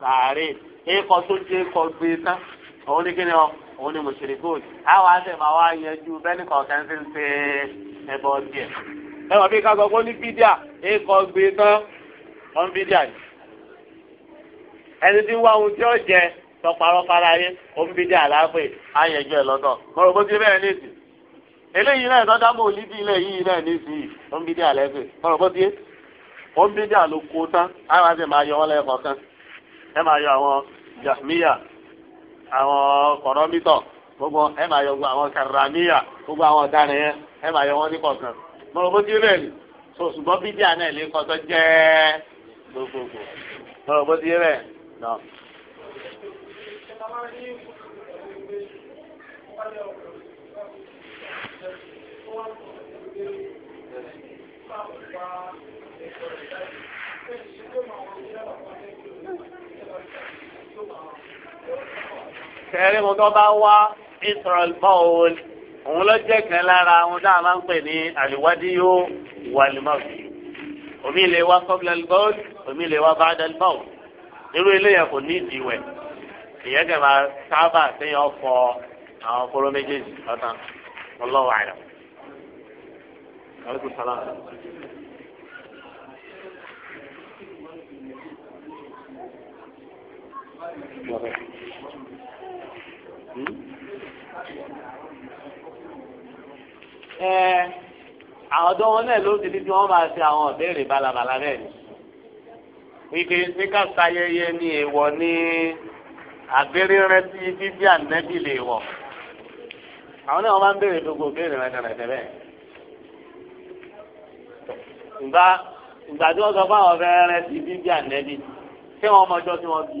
sàárè ẹ̀kọ́ tó jẹ́ ẹ̀kọ́ gbé tán òun ní kíni ọ òun ní mùsùlùmí àwọn àti wa yanjú bẹ́ẹ̀ni kọ̀ọ̀kan ti ń ṣe ẹ̀bọ díẹ̀. ẹ wọ́n ká sọ fún ní gbé tán ọ̀n yìí. ẹni tí ń wá ohun tí ó jẹ tọparọ́ fara yé mo rò bó ti bẹ́ẹ̀ ní eléyìí náà yìí náà ní mo rò bó ti ẹ máa yọ àwọn jahmiya àwọn kọ̀rọ̀mítọ̀ gbogbo ẹ máa yọ gbogbo àwọn karamiya gbogbo àwọn ọ̀daràn yẹn ẹ máa yọ wọn ní kọ̀ọ̀kan mo rò bó ti rẹ̀ ni so ṣùgbọ́n bídíà náà lè kọ́ tó jẹ́ gbogbogbò mo rò bó ti rẹ̀ nà. Thank you. sẹ́rí mo tó bá wá israel paul òun ló jẹ́ kan lára àwọn tá a máa ń pè ní àlùwádìyó wàlùmọ́ọ̀sì omi lè wá kọ́bílẹ̀ lbọ́ọ̀d omi lè wá bàdà lbọ́ọ̀d nírú eléyà kò ní ìdíwẹ̀ ìyẹn kẹ́ máa sábà séyàn fọ àwọn kóró méjèèjì ọ̀tàn ọlọ́wọ́ àyà. Aleykum Hmm? ẹ àwọn tó wọn náà ló ti di tí wọn máa ṣe àwọn ọbẹ̀rẹ̀ balabala náà ni wípé ṣé ká sayẹyẹ ní èèwọ̀ ní àbẹ̀rẹ̀ rẹ sí fífi ànẹ́bí lè wọ̀ àwọn náà wọn máa ń béèrè gbogbo béèrè rẹ kàn rẹ bẹ́ẹ̀. ìgbà ìgbà tí wọn sọ fún àwọn ọbẹ̀rẹ̀ rẹ sí fífi ànẹ́bí ṣé wọn mọjọ́ tí wọn bí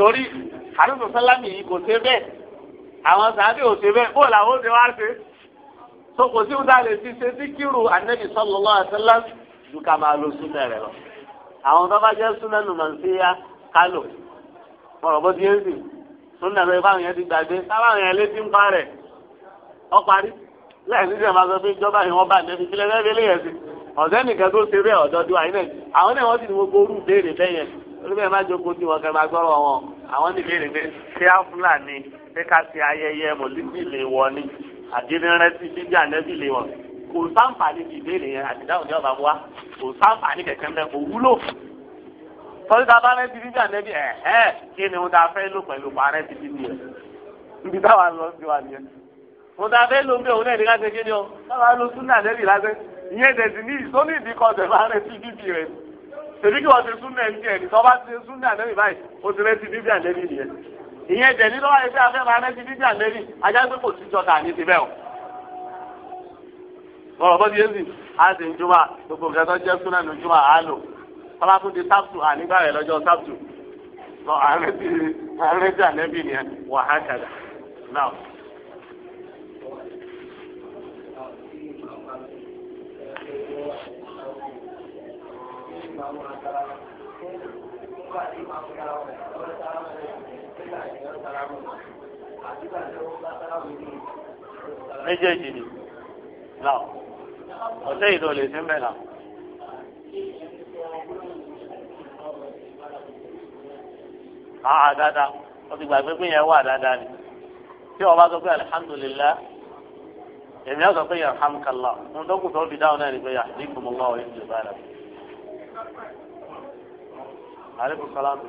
torí àdúgbò sálámì yìí kò ṣe bẹ́ẹ̀ àwọn sàádé ò ṣe bẹ́ẹ̀ bóòlù àwọn òde wá ṣe tó kò sí wúdà lè ti ṣe síkírù ànẹ́bí sọlọ́lá àṣẹlá ju ká máa lo súnà rẹ lọ àwọn tó bá jẹ́ súnà nù màá sí yá kálò mọ̀rọ̀ bó ti ń sìn súnà rẹ báwọn yẹn ti gbàgbé táwọn yẹn létí ń pa rẹ̀ ọ parí lẹ́yìn sísè máa sọ pé ìjọba yìí olùbẹ̀rẹ̀ má jókòó tí wọn kẹ́ máa gbọ́rọ̀ wọn àwọn ní ìbéèrè pé ṣé áfúlàní ṣé ká ṣe ayẹyẹ mọ̀lẹ́bí lè wọ ni àdínrẹ́tì jíjà nẹ́bí lè wọ kò sáǹfààní ti ìbéèrè yẹn àtìdáhùn ní ọ̀bà wa kò sáǹfààní kẹ̀kẹ́ mẹ́ kò wúlò tọ́jú ta bá rẹ́tì jíjà nẹ́bí ẹ̀ ẹ́ kí ni mo ta fẹ́ lò pẹ̀lú parẹ́tì jíjì rẹ̀ níbi táwa lọ sí wa nìyẹn mo ta fẹ́ lò ń bẹ òun ẹ̀rí láti kí ni o táwa lọ sún náà nẹ́bí láti ìyẹn tẹ̀sí ní ìsọ́nìdí kan tẹ̀ bá rẹ́tì jíjì rẹ̀ ni tèmi kí wọ́n ti súnà ẹ̀ tiẹ̀ nìkan bá ti súnà lẹ́yìn báyìí ó ti rẹ́sì bíbí àlẹ́bí nìyẹn ìyẹn jẹ̀ nínú wáyé pé afẹ́ máa rẹ́sì bíbí àlẹ́bí ajá pé kò síjọ tà ní ti bẹ́ẹ̀ o. bọ̀rọ̀ bọ́ ti yéésì á sì ń júmọ̀ gbogbo nǹkan tó jẹ́ súnà ní júmọ̀ á lò kọ́lá tún di sábtù ànígbà rẹ̀ lọ́jọ́ sábtù lọ àrẹ́sì àlẹ́bí nìyẹn wà á kàdà náà. Thank you méjèèjì ni là ọ̀sẹ̀ yìí ló sí mẹ́la. àà dáadáa wọ́n ti gbàgbé pé yẹn wà dáadáa ni tí wọ́n bá sọ pé alihamudulilá èmi á sọ pé yàrá hàmkàlá ohun tó kù tó fi dáhùn náà ni pé yàrá ní gbòmọ̀gbà òye ti bá rẹ̀ aleykum salaam bi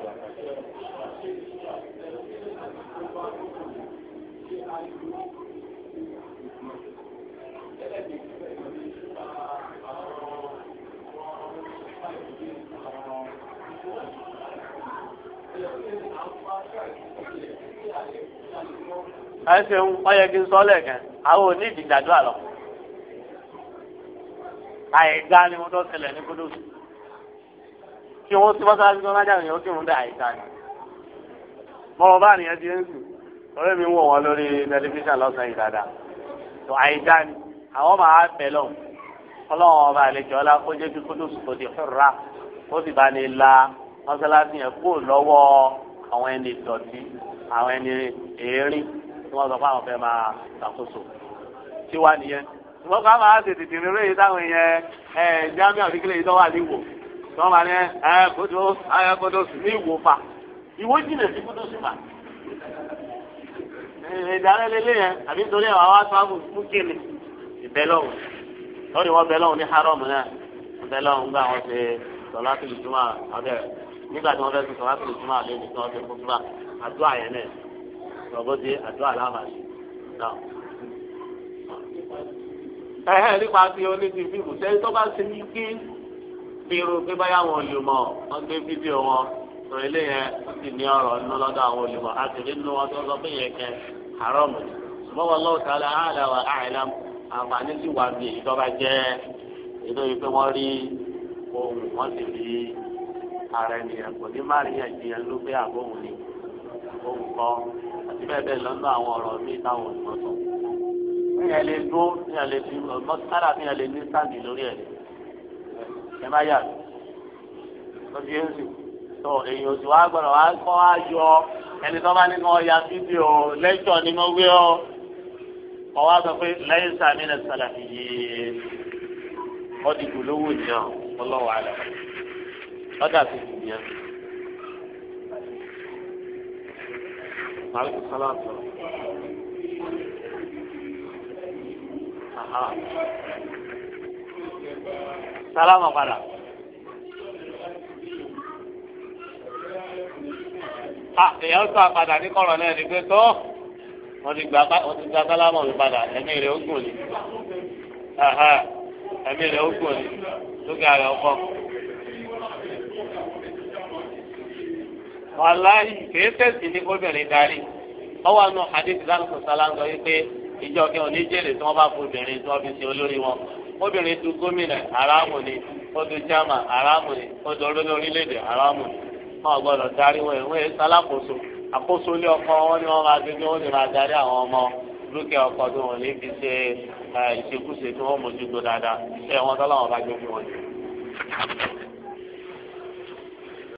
ẹ ṣeun ọyẹ kí n sọ lẹ́ẹ̀kan àwọn onídìí gbàdúrà lọ àìgbá ni mo tọ́ ṣẹlẹ̀ ní kúndùn kí wọ́n ti fọ́sọ́láṣí kan lájà yẹn ó kírun dá àyíká ni. mọ̀rọ̀ bá nìyẹn ti ń sùn ọ̀rẹ́ mi ń wọ̀ wọ́n lórí tẹlifíṣàn lọ́sàn-án yìí dáadáa. tó àyíká ni àwọn máa bẹ̀ lọ ọlọ́run ọba àlejò ọlá kó jẹ́ kí kótó sùn tó di hurra ó sì bá ní la mọ́sálásí yẹn kó lọ́wọ́ àwọn ẹni dọ̀tí àwọn ẹni èérí tí wọ́n sọ fún àwọn fẹ́ máa ṣàkóso tí wá nìyẹn. ìwọ́n ká máa tètè tètè rèé táwọn èèyàn ẹ̀ jámíà òdìkílẹ̀ yìí tó wà níwò. tọ́ ma ní kodo ẹ kodo si ìwò fa ìwò jìnnà sí kodo si fa ìdálẹ́ lélẹ́ ya àbí torí ẹ̀ ni wọ́n bẹ́lọ́wọ̀ haram náà bẹ́lọ́wọ̀ ńgbà wọn ṣe sọlá tó lè túmọ̀ abẹ́ nígbà tí wọ́n fẹ́ sọlá tó lè túmọ̀ abẹ́ ní kí wọ́n ṣe kótóbà àdúrà yẹn náà nípa ti oníṣìí sẹ́yìn tó bá ní kí bí irú pé báyà wọn olùmọ̀ wọn gbé fídíò wọn sọ̀rọ̀ ilé yẹn ó sì ní ọ̀rọ̀ nínú lọ́dọ̀ àwọn olùmọ̀ a nínú wọn tó ń sọ pé yẹn kẹ haram ṣùgbọ́n wọn lọ́wọ́ tààlà àlà wà àìlà àǹfààní sì wà bí èyí tó bá jẹ́ èdè yìí pé wọ́n rí ohun wọ́n sì rí ara ènìyàn kò ní má rí ẹ̀jìyàn ló pé àbóhùn ni ohun kan àti bẹ́ẹ̀ bẹ́ẹ̀ lọ́nà àwọn ọ̀rọ̀ mi táwọn olùmọ̀ sọ. ní ẹ̀ lè dúró ní ẹ̀ lè fi mọ́tàlá ní ẹ̀ lè ní sáàdì lórí ẹ̀ lè ẹ má yà mí lọ́sí yéésù tó èyàn tí wàá gbọ́dọ̀ wàá kọ́ wá yọ ẹni tó bá ní kọ́ ya fídíò lẹ́jọ́ ni mo gbé ọ ọ wá sọ pé lẹ́yìn sàmì nà sàlàfì yìí ọ di gbòlówó yẹn ọlọ́wọ́ àlọ́ ọ̀dà tó kù yẹn. Màlúù sálá Aha sálámà padà. èèyàn sọ àpàdà ní kọ̀rọ̀ náà ni pé tó wọ́n ti gba sálámà mi padà ẹ̀mí rẹ̀ ó gùn ni ẹ̀mí rẹ̀ ó gùn ni lókè àrẹ̀ ọkọ̀. wàláyé kìí tẹ̀sí ní kóbìnrin darí ọwọ́ àánú hadith dáná sọ̀sálà ń sọ wípé ìjọ kí wọn ní jẹ́lẹ̀ tí wọ́n bá fún obìnrin tí wọ́n fi ṣe olórí wọn obìnrin du gómìnà aráàmù ni ó du jama aráàmù ni ó du olórí orílẹ̀-èdè aráàmù ni wọn gbọ́dọ̀ darí wọn ìwé sálákòóso àkóso ilé ọkọ wọn ni wọn máa gbẹgbẹ wọn ni máa darí àwọn ọmọ dúkìá ọkọ tí wọn lè fi ṣe ìṣekúṣe tí wọn mójútó dáadáa ṣé wọn tọ́lá wọn bá gbé fún wọn.